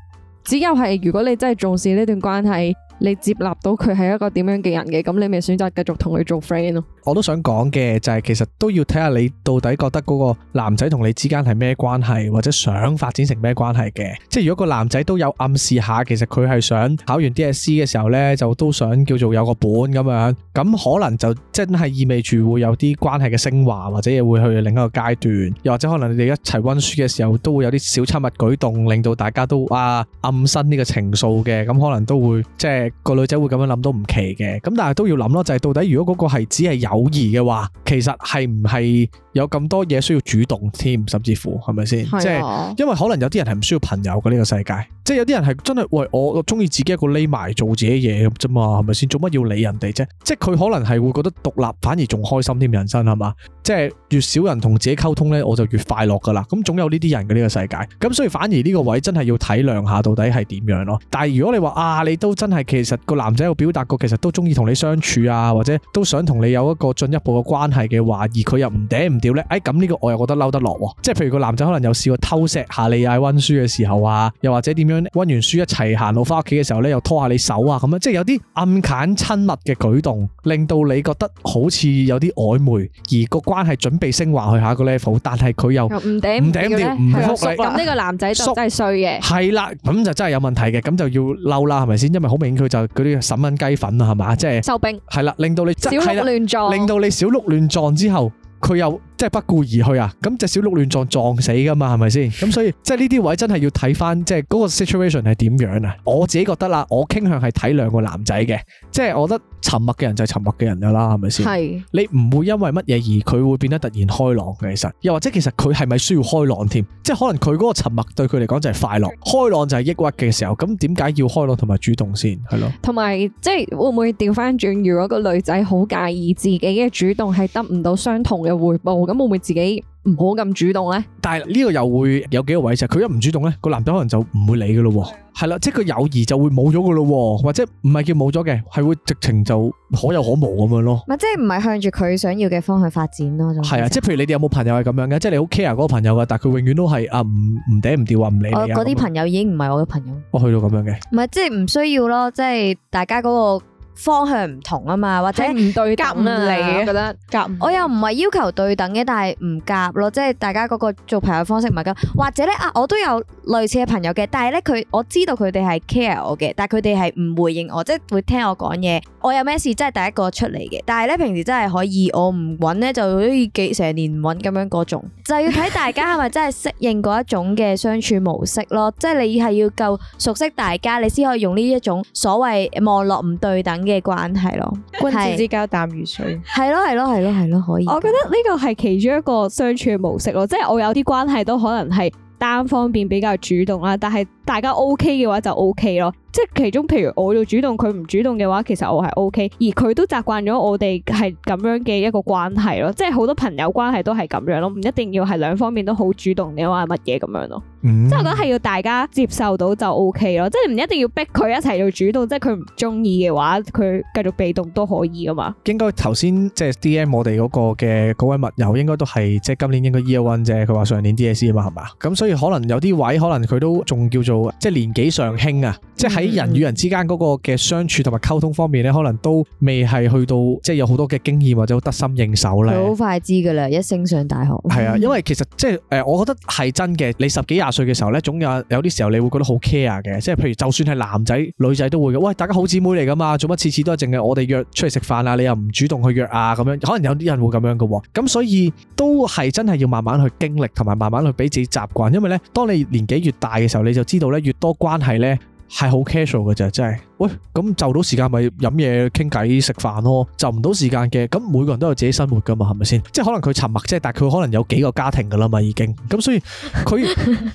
[SPEAKER 3] 只有係如果你真係重視呢段關係。你接納到佢係一個點樣嘅人嘅，咁你咪選擇繼續同佢做 friend 咯。我
[SPEAKER 1] 都想講嘅就係，其實都要睇下你到底覺得嗰個男仔同你之間係咩關係，或者想發展成咩關係嘅。即係如果個男仔都有暗示下，其實佢係想考完 DSE 嘅時候呢，就都想叫做有個本咁樣，咁可能就真係意味住會有啲關係嘅升華，或者會去另一個階段，又或者可能你哋一齊溫書嘅時候都會有啲小親密舉動，令到大家都啊暗生呢個情愫嘅，咁可能都會即係。個女仔會咁樣諗都唔奇嘅，咁但係都要諗咯，就係、是、到底如果嗰個係只係友誼嘅話，其實係唔係有咁多嘢需要主動添，甚至乎係咪先？即係 因為可能有啲人係唔需要朋友嘅呢、這個世界，即、就、係、是、有啲人係真係喂我，我中意自己一個匿埋做自己嘢咁啫嘛，係咪先？做乜要理人哋啫？即係佢可能係會覺得獨立反而仲開心添，人生係嘛？即、就、係、是、越少人同自己溝通呢，我就越快樂噶啦。咁總有呢啲人嘅呢、這個世界，咁所以反而呢個位真係要體諒下到底係點樣咯。但係如果你話啊，你都真係。其實個男仔有表達過其實都中意同你相處啊，或者都想同你有一個進一步嘅關係嘅話，而佢又唔嗲唔吊呢？哎咁呢個我又覺得嬲得落、啊，即係譬如個男仔可能有試過偷錫下你啊，溫書嘅時候啊，又或者點樣溫完書一齊行路翻屋企嘅時候呢，又拖下你手啊，咁樣即係有啲暗揀、親密嘅舉動，令到你覺得好似有啲曖昧，而個關係準備升華去下一個 level，但係佢又
[SPEAKER 3] 唔嗲唔吊唔覆你，咁呢個男仔就真係衰嘅，
[SPEAKER 1] 係啦，咁就真係有問題嘅，咁就要嬲啦，係咪先？因為好明顯就嗰啲十蚊雞粉啊，係、就、嘛、是，即係收兵，係啦，令到你小鹿亂撞，令到你小鹿亂撞之後，佢又，即係不顧而去啊！咁隻小鹿亂撞撞死噶嘛，係咪先？咁 所以即係呢啲位真係要睇翻，即係嗰個 situation 係點樣啊？我自己覺得啦，我傾向係體諒個男仔嘅，即係我覺得沉默嘅人就係沉默嘅人噶啦，係咪先？係是你唔會因為乜嘢而佢會變得突然開朗？其實又或者其實佢係咪需要開朗添？即係可能佢嗰個沉默對佢嚟講就係快樂，開朗就係抑鬱嘅時候。咁點解要開朗同埋主動先？係咯？
[SPEAKER 3] 同埋即係會唔會調翻轉？如果個女仔好介意自己嘅主動係得唔到相同嘅回報？咁會唔會自己唔好咁主動咧？
[SPEAKER 1] 但係呢個又會有幾個位，就佢一唔主動咧，個男仔可能就唔會理嘅咯，係啦，即係佢友誼就會冇咗嘅咯，或者唔係叫冇咗嘅，係會直情就可有可無咁樣咯。
[SPEAKER 6] 唔係即係唔係向住佢想要嘅方向發展咯？係啊的，實即係
[SPEAKER 1] 譬如你哋有冇朋友係咁樣嘅？即係你好 care 嗰個朋友噶，但係佢永遠都係啊唔唔嗲唔掉啊唔理嗰啲朋友已
[SPEAKER 6] 經唔係我嘅朋友。
[SPEAKER 1] 我去到咁樣嘅，
[SPEAKER 6] 唔係即係唔需要咯，即係大家嗰個。方向唔同啊嘛，或者唔對等啊，夾唔理我覺得夾，我又唔係要求對等嘅，但係唔夾咯，即係大家嗰個做朋友方式唔係咁，或者咧啊，我都有類似嘅朋友嘅，但係咧佢我知道佢哋係 care 我嘅，但係佢哋係唔回應我，即係會聽我講嘢。我有咩事真係第一個出嚟嘅，但係咧平時真係可以我唔搵咧，就可以幾成年唔搵咁樣嗰種，就要睇大家係咪真係適應嗰一 種嘅相處模式咯。即係你係要夠熟悉大家，你先可以用呢一種所謂望落唔對等嘅關係咯，君子之交淡如水，係咯係咯係咯係咯，可以。我
[SPEAKER 2] 覺得呢個係其中一個相處模式咯，即係我有啲關係都可能係單方面比較主動啦，但係大家 O K 嘅話就 OK 咯。即係其中，譬如我要主動，佢唔主動嘅話，其實我係 O K，而佢都習慣咗我哋係咁樣嘅一個關係咯。即係好多朋友關係都係咁樣咯，唔一定要係兩方面都好主動，你話乜嘢咁樣咯？即係、嗯、我覺得係要大家接受到就 O K 咯，即係唔一定要逼佢一齊做主動，即係佢唔中意嘅話，佢繼續被動都可以㗎嘛。應
[SPEAKER 1] 該頭先即係 D M 我哋嗰個嘅嗰位密友，應該都係即係今年應該 year one 啫，佢話上年 DSC 啊嘛，係嘛？咁所以可能有啲位可能佢都仲叫做即係年紀尚輕啊，嗯、即係喺人與人之間嗰個嘅相處同埋溝通方面咧，可能都未係去到即係有好多嘅經驗或者好得心應手咧。佢
[SPEAKER 6] 好快知噶啦，一升上大學係啊，
[SPEAKER 1] 因為其實即係誒，我覺得係真嘅，你十幾廿歲嘅時候咧，總有有啲時候你會覺得好 care 嘅，即係譬如就算係男仔、女仔都會嘅。喂，大家好姊妹嚟噶嘛，做乜次次都係淨係我哋約出去食飯啊，你又唔主動去約啊，咁樣可能有啲人會咁樣嘅啊。咁所以都係真係要慢慢去經歷，同埋慢慢去俾自己習慣。因為咧，當你年紀越大嘅時候，你就知道咧，越多關係咧。係好 casual 嘅咋，真係。喂，咁就到時間咪飲嘢傾偈食飯咯。就唔到時間嘅，咁每個人都有自己生活噶嘛，係咪先？即係可能佢沉默，即係但係佢可能有幾個家庭噶啦嘛，已經。咁所以佢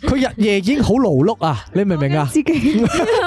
[SPEAKER 1] 佢 日夜已經好勞碌啊，你明唔明啊？自己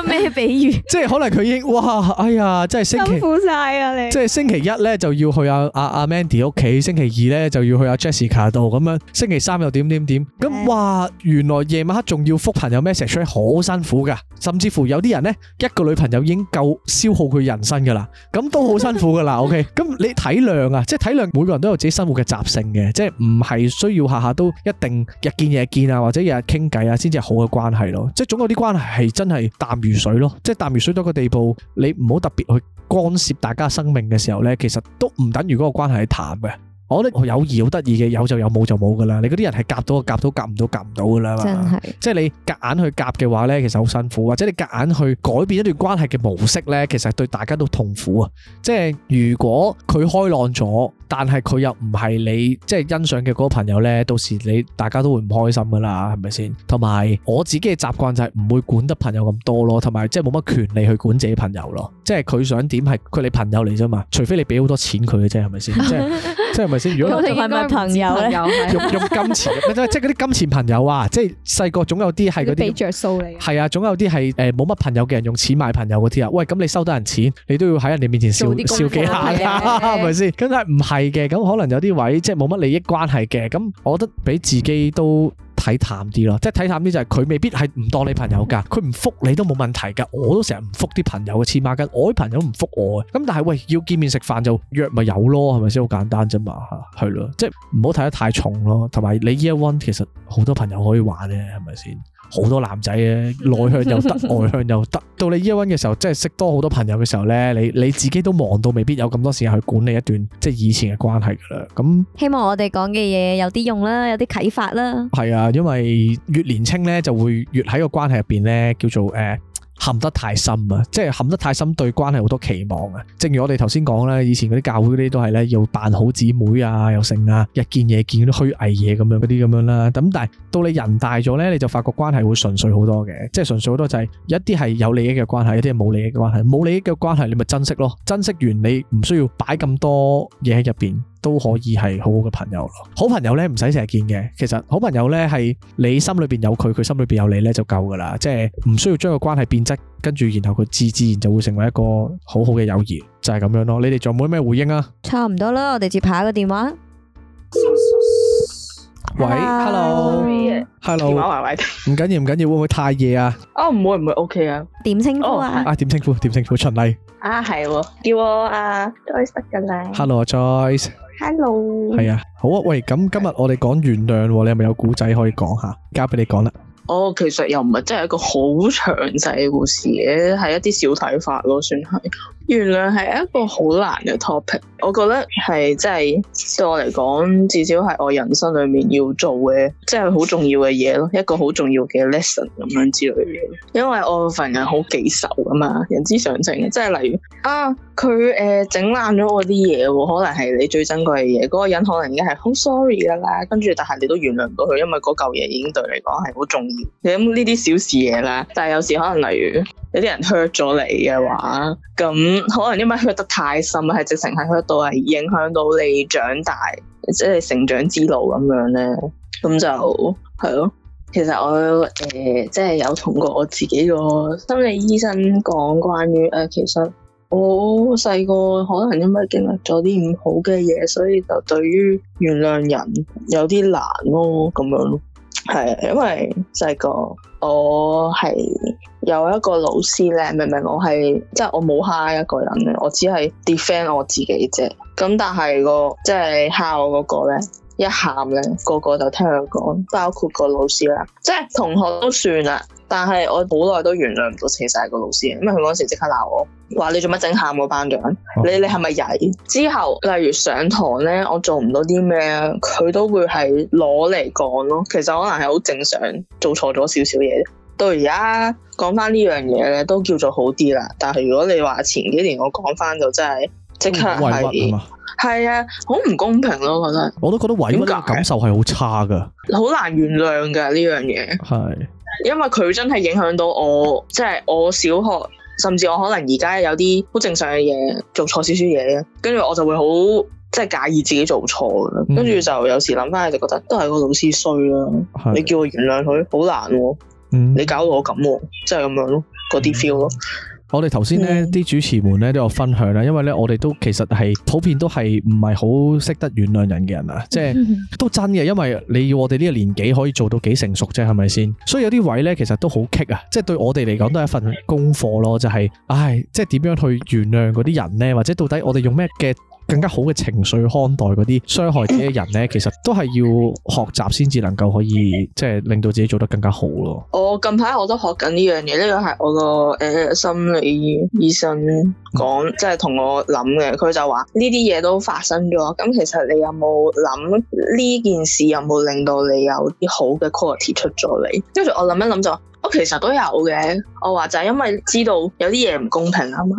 [SPEAKER 1] 咩比喻？ 即係可能佢已經哇，哎呀，真
[SPEAKER 2] 係辛苦晒啊！你即係
[SPEAKER 1] 星期一咧就要去阿、啊、阿阿、啊啊、Mandy 屋企，星期二咧就要去阿、啊、Jessica 度咁樣，星期三又點點點。咁哇，原來夜晚黑仲要覆朋友 message 出嚟，好辛苦噶，甚至。乎有啲人呢，一個女朋友已經夠消耗佢人生噶啦，咁都好辛苦噶啦。OK，咁你體諒啊，即係體諒每個人都有自己生活嘅習性嘅，即係唔係需要下下都一定日見夜見啊，或者日日傾偈啊，先至係好嘅關係咯。即係總有啲關係係真係淡如水咯，即係淡如水到個地步，你唔好特別去干涉大家生命嘅時候呢，其實都唔等於嗰個關係係淡嘅。我覺得友誼好得意嘅，有就有，冇就冇噶啦。你嗰啲人係夾到夾到夾唔到夾唔到噶啦嘛，真係即係你夾硬去夾嘅話呢，其實好辛苦。或者你夾硬去改變一段關係嘅模式呢，其實對大家都痛苦啊。即係如果佢開朗咗，但係佢又唔係你即係欣賞嘅嗰個朋友呢，到時你大家都會唔開心噶啦，係咪先？同埋我自己嘅習慣就係唔會管得朋友咁多咯，同埋即係冇乜權利去管自己朋友咯。即係佢想點係佢，你朋友嚟啫嘛，除非你俾好多錢佢嘅啫，係咪先？即係。即係咪先？如果係咪朋
[SPEAKER 6] 友咧？用用金
[SPEAKER 1] 錢， 即係嗰啲金錢朋友啊！即係細個總有啲係嗰啲，俾著數嚟。係啊，總有啲係誒，冇乜朋友嘅人用錢買朋友嗰啲啊！喂，咁你收到人錢，你都要喺人哋面前笑笑幾下㗎，係咪先？咁 但係唔係嘅，咁可能有啲位即係冇乜利益關係嘅，咁我覺得俾自己都。睇淡啲咯，即係睇淡啲就係佢未必係唔當你朋友噶佢唔覆你都冇問題噶我都成日唔覆啲朋友嘅，黐孖筋，我啲朋友都唔覆我嘅，咁但係喂，要見面食飯就約咪有咯，係咪先？好簡單啫嘛吓。係咯，即係唔好睇得太重咯，同埋你 year one 其實好多朋友可以玩嘅，係咪先？好多男仔嘅內向又得，外向又得。 到你 year one 嘅時候，即係識多好多朋友嘅時候呢，你你自己都忙到未必有咁多時間去管理一段即係以前嘅關係噶啦。咁
[SPEAKER 6] 希望我哋講嘅嘢有啲用啦，有啲啟發啦。
[SPEAKER 1] 係啊，因為越年青呢，就會越喺個關係入邊呢，叫做誒。呃陷得太深啊，即係陷得太深，即得太深對關係好多期望啊。正如我哋頭先講啦，以前嗰啲教會嗰啲都係咧，要扮好姊妹啊，又剩啊，日見夜見啲虛偽嘢咁樣嗰啲咁樣啦。咁但係到你人大咗咧，你就發覺關係會純粹好多嘅，即係純粹好多就係、是、一啲係有利益嘅關係，一啲係冇利益嘅關係。冇利益嘅關係你咪珍惜咯，珍惜完你唔需要擺咁多嘢喺入邊。都可以係好好嘅朋友咯。好朋友咧唔使成日見嘅，其實好朋友咧係你心裏邊有佢，佢心裏邊有你咧就夠噶啦，即係唔需要將個關係變質，跟住然後佢自自然就會成為一個好好嘅友誼，就係咁樣咯。你哋仲有冇咩回應啊？
[SPEAKER 6] 差唔多啦，我哋接下一個電話。喂，Hello，Hello，電
[SPEAKER 1] 話壞壞，唔緊要，唔緊要，會唔會太夜啊？
[SPEAKER 6] 哦，唔會唔會，OK 啊？點稱呼啊？
[SPEAKER 1] 啊，點稱呼？點稱呼？陳麗
[SPEAKER 5] 啊，係，Joyce 啊，Joyce 噶啦。
[SPEAKER 1] Hello，Joyce。
[SPEAKER 5] Hello，係啊，
[SPEAKER 1] 好啊，喂，咁今日我哋講原諒，你係咪有古仔可以講下？交俾你講啦。
[SPEAKER 5] 哦，其實又唔係真係一個好詳細嘅故事嘅，係一啲小睇法咯，算係。原諒係一個好難嘅 topic，我覺得係真係對我嚟講，至少係我人生裡面要做嘅，即係好重要嘅嘢咯，一個好重要嘅 lesson 咁樣之類嘅嘢。因為我份人好記仇㗎嘛，人之常情。即係例如啊，佢誒、呃、整爛咗我啲嘢喎，可能係你最珍貴嘅嘢，嗰、嗰個人可能已經係好 sorry 啦，跟住但係你都原諒唔到佢，因為嗰嚿嘢已經對你講係好重要。你諗呢啲小事嘢啦，但係有時可能例如有啲人 hurt 咗你嘅話，咁。嗯、可能因為 hurt 得太深，係直情喺嗰度係影響到你長大，即係成長之路咁樣咧，咁就係咯。其實我誒、呃、即係有同過我自己個心理醫生講關於誒、呃，其實我細個可能因為經歷咗啲唔好嘅嘢，所以就對於原諒人有啲難咯，咁樣咯。係，因為細個我係有一個老師咧，明明我係即係我冇蝦一個人咧，我只係 defend 我自己啫。咁但係個即係蝦我嗰個咧。一喊咧，個個就聽佢講，包括個老師啦，即係同學都算啦。但係我好耐都原諒唔到其實係個老師，因為佢嗰時即刻鬧我，話你做乜整喊我班長？你你係咪曳？之後，例如上堂咧，我做唔到啲咩，佢都會係攞嚟講咯。其實可能係好正常，做錯咗少少嘢。到而家講翻呢樣嘢咧，都叫做好啲啦。但係如果你話前幾年我講翻就真係。刻的確係係啊，好唔公平咯，覺得
[SPEAKER 1] 我都覺得委屈，感受係好差噶，
[SPEAKER 5] 好難原諒噶呢樣嘢。係的因為佢真係影響到我，即、就、係、是、我小學，甚至我可能而家有啲好正常嘅嘢，做錯少少嘢，跟住我就會好即係介意自己做錯嘅。跟住，嗯、就有時諗翻，就覺得都係個老師衰啦。的你叫我原諒佢，好難。嗯、你搞到我咁，即係咁樣咯，嗰啲 feel 咯。嗯我哋頭先咧，
[SPEAKER 1] 啲主持們咧都有分享啦，因為咧，我哋都其實係普遍都係唔係好識得原諒人嘅人啊，即係 都真嘅，因為你要我哋呢個年紀可以做到幾成熟啫，係咪先？所以有啲位咧，其實都好棘啊，即係對我哋嚟講都係一份功課咯，就係，唉，即係點樣去原諒嗰啲人咧？或者到底我哋用咩嘅？更加好嘅情緒看待嗰啲傷害自己嘅人咧，其實都係要學習先至能夠可以即係、就是、令到自己做得更加
[SPEAKER 5] 好咯。近我近排我都學緊呢樣嘢，呢個係我個誒心理醫生講，即係同我諗嘅。佢就話呢啲嘢都發生咗，咁其實你有冇諗呢件事有冇令到你有啲好嘅 quality 出咗嚟？跟住我諗一諗就。我其實都有嘅，我話就係因為知道有啲嘢唔公平啊嘛，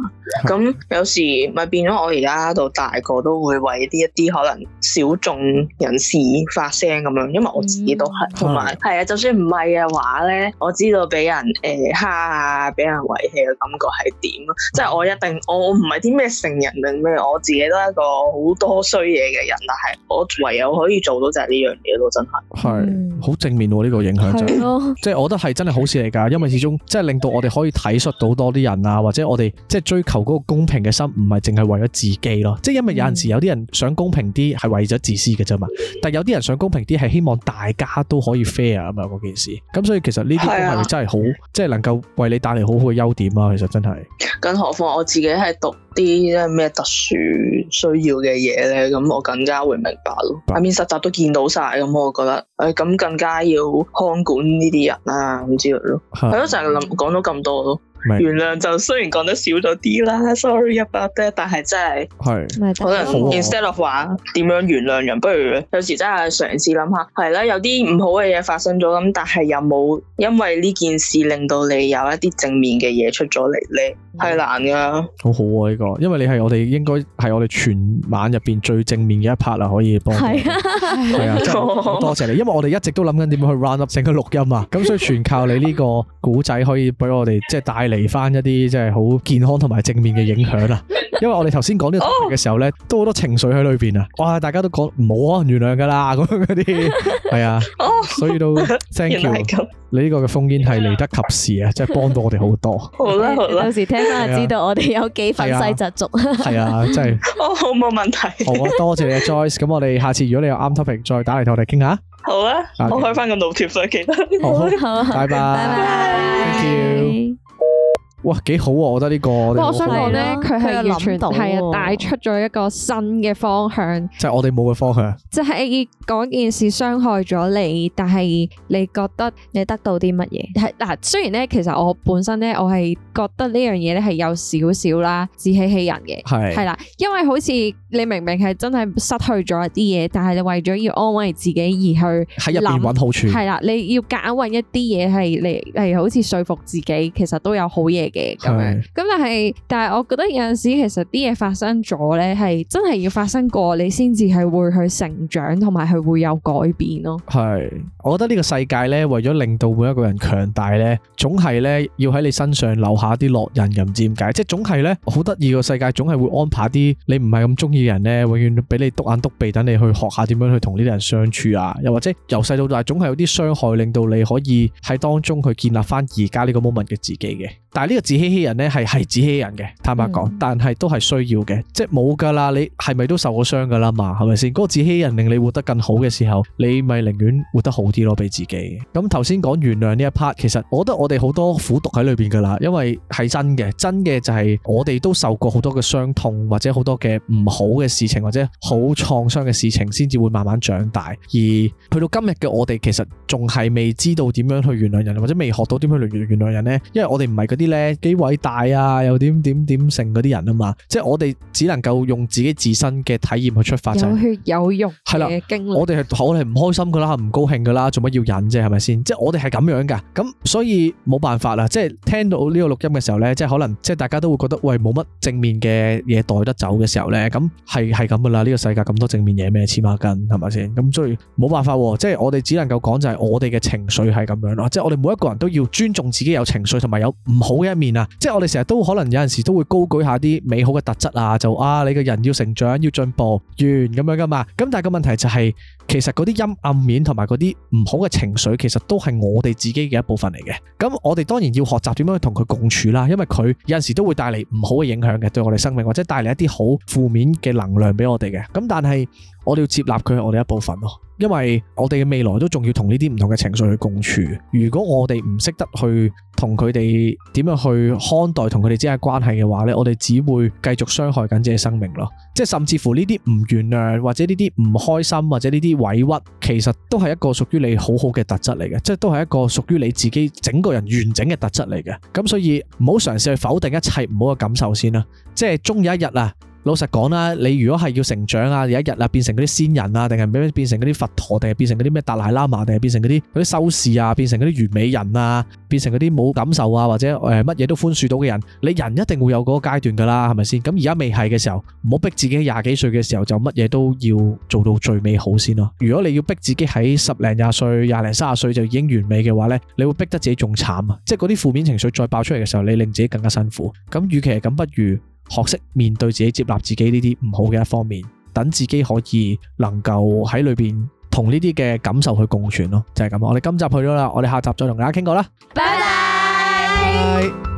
[SPEAKER 5] 咁的有時咪變咗我而家到大個都會為啲一啲可能小眾人士發聲咁樣，因為我自己都係，同埋係啊，就算唔係嘅話咧，我知道俾人誒蝦啊，俾、欸、人遺棄嘅感覺係點咯，即係的我一定我唔係啲咩成人定咩，我自己都係一個好多衰嘢嘅人，但係我唯有可以做到就係呢樣嘢咯，都真係係
[SPEAKER 1] 好正面喎、啊、呢、呢個影響就係 即係我覺得係真係好。因為始終即係令到我哋可以體恤到多啲人啊，或者我哋即係追求嗰個公平嘅心，唔係淨係為咗自己咯。即係因為有陣時有啲人想公平啲，係為咗自私嘅啫嘛。但係有啲人想公平啲，係希望大家都可以 fair 啊嘛。嗰件事，咁所以其實呢啲係咪真係好，即係的能夠為你帶嚟好好嘅優點啊？其實真係，
[SPEAKER 5] 更何況我自己係讀。啲咩咩特殊需要嘅嘢咧，咁我更加會明白咯。外面 實習都見到晒，咁我覺得，誒、哎、咁更加要看管呢啲人啦、啊，咁之類咯。係咯，就係諗講咗咁多咯。原諒就雖然講得少咗啲啦，sorry 一百 a 但係真係是可能、哦、instead of 話點樣原諒人，不如有時真係嘗試諗下，係啦，有啲唔好嘅嘢發生咗咁，但係又冇因為呢件事令到你有一啲正面嘅嘢出咗嚟咧，係、嗯、難噶，
[SPEAKER 1] 好好啊呢、這個，因為你係我哋應該係我哋全晚入邊最正面嘅一 part 啦，可以幫係啊，多謝你，因為我哋一直都諗緊點樣去 round up 成個錄音啊，咁 所以全靠你呢個古仔可以俾我哋即係帶領。嚟翻一啲即係好健康同埋正面嘅影響啊！因為我哋頭先講呢個 topic 嘅時候咧，都好多情緒喺裏邊啊！哇，大家都講唔好啊，原諒噶啦咁樣嗰啲係啊，所以都 thank you 你呢個嘅烽煙係嚟得及時啊，即係幫到我哋好多。
[SPEAKER 5] 好啦好啦，有時聽返知道我哋有幾份細習俗係啊，真係哦，冇問題。好，啊，
[SPEAKER 1] 多謝你，Joyce。咁我哋下次如果你有啱 topic，再打嚟同我哋傾下。
[SPEAKER 5] 好啊，我開翻個腦貼先，記得。好，好，拜拜，
[SPEAKER 1] 拜拜，thank you。哇，幾好啊！我覺得呢個，我想講
[SPEAKER 3] 咧，佢係、啊、完全係啊，帶出咗一個新嘅方向，
[SPEAKER 1] 就係我哋冇嘅方
[SPEAKER 2] 向。
[SPEAKER 3] 即係嗰件事傷害咗你，但係你覺得你得到啲乜嘢？係嗱，雖然咧，其實我本身咧，我係覺得呢樣嘢咧係有少少啦，自欺欺人嘅。係係啦，因為好似你明明係真係失去咗一啲嘢，但係你為咗要安慰自己而去喺入邊揾好處，係啦，你要夾硬揾一啲嘢係你係好似說服自己，其實都有好嘢。嘅咁係，但係，但係我覺得有陣時其實啲嘢發生咗咧，係真係要發生過你先至係會去成長，同埋係會有改變咯、
[SPEAKER 1] 哦。係，我覺得呢個世界咧，為咗令到每一個人強大咧，總係咧要喺你身上留下啲烙印，又唔知點解，即係，總係咧好得意個世界，總係會安排啲你唔係咁中意嘅人咧，永遠俾你督眼督鼻，等你去學下點樣去同呢啲人相處啊。又或者由細到大總，總係有啲傷害令到你可以喺當中去建立翻而家呢個 moment 嘅自己嘅。但係呢個。自欺欺人咧，係係自欺欺人嘅，坦白講，但係都係需要嘅，即係冇噶啦，你係咪都受過傷噶啦嘛？係咪先？嗰個自欺欺人令你活得更好嘅時候，你咪寧願活得好啲咯，俾自己。咁頭先講原諒呢一 part，其實我覺得我哋好多苦毒喺裏邊噶啦，因為係真嘅，真嘅就係我哋都受過好多嘅傷痛，或者好多嘅唔好嘅事情，或者好創傷嘅事情，先至會慢慢長大。而去到今日嘅我哋，其實仲係未知道點樣去原諒人，或者未學到點樣去原原諒人呢？因為我哋唔係嗰啲呢。幾偉大啊！又點點點成嗰啲人啊嘛，即係我哋只能夠用自己自身嘅體驗去出發，就是，就係有血有肉嘅經歷。我哋係我哋唔開心噶啦，唔高興噶啦，做乜要忍啫？係咪先？即係我哋係咁樣噶，咁所以冇辦法啦。即係聽到呢個錄音嘅時候咧，即係可能即係大家都會覺得喂，冇乜正面嘅嘢袋得走嘅時候咧，咁係係咁噶啦。呢、這個世界咁多正面嘢咩？黐孖筋？係咪先？咁所以冇辦法，即係我哋只能夠講就係我哋嘅情緒係咁樣咯。即係我哋每一個人都要尊重自己有情緒同埋有唔好嘅。面啊，即係我哋成日都可能有陣時都會高舉下啲美好嘅特質啊，就啊你個人要成長要進步完咁樣噶嘛，咁但係個問題就係、是。其實嗰啲陰暗面同埋嗰啲唔好嘅情緒，其實都係我哋自己嘅一部分嚟嘅。咁我哋當然要學習點樣去同佢共處啦，因為佢有陣時都會帶嚟唔好嘅影響嘅，對我哋生命或者帶嚟一啲好負面嘅能量俾我哋嘅。咁但係我哋要接納佢係我哋一部分咯，因為我哋嘅未來都仲要同呢啲唔同嘅情緒去共處。如果我哋唔識得去同佢哋點樣去看待同佢哋之間關係嘅話呢，我哋只會繼續傷害緊自己生命咯。即係甚至乎呢啲唔原諒或者呢啲唔開心或者呢啲。委屈其實都係一個屬於你好好嘅特質嚟嘅，即係都係一個屬於你自己整個人完整嘅特質嚟嘅。咁所以唔好嘗試去否定一切唔好嘅感受先啦，即係終有一日啊！老實講啦，你如果係要成長啊，有一日啊變成嗰啲仙人啊，定係變變成嗰啲佛陀，定係變成嗰啲咩達賴喇嘛，定係變成嗰啲嗰啲修士啊，變成嗰啲完美人啊，變成嗰啲冇感受啊，或者誒乜嘢都寬恕到嘅人，你人一定會有嗰個階段噶啦，係咪先？咁而家未係嘅時候，唔好逼自己廿幾歲嘅時候就乜嘢都要做到最美好先咯，啊。如果你要逼自己喺十零廿歲、廿零三十歲就已經完美嘅話呢，你會逼得自己仲慘啊！即係嗰啲負面情緒再爆出嚟嘅時候，你令自己更加辛苦。咁與其係咁，不如。學識面對自己、接納自己呢啲唔好嘅一方面，等自己可以能夠喺裏邊同呢啲嘅感受去共存咯，就係咁，我哋今集去咗啦，我哋下集再同大家傾過啦，拜拜。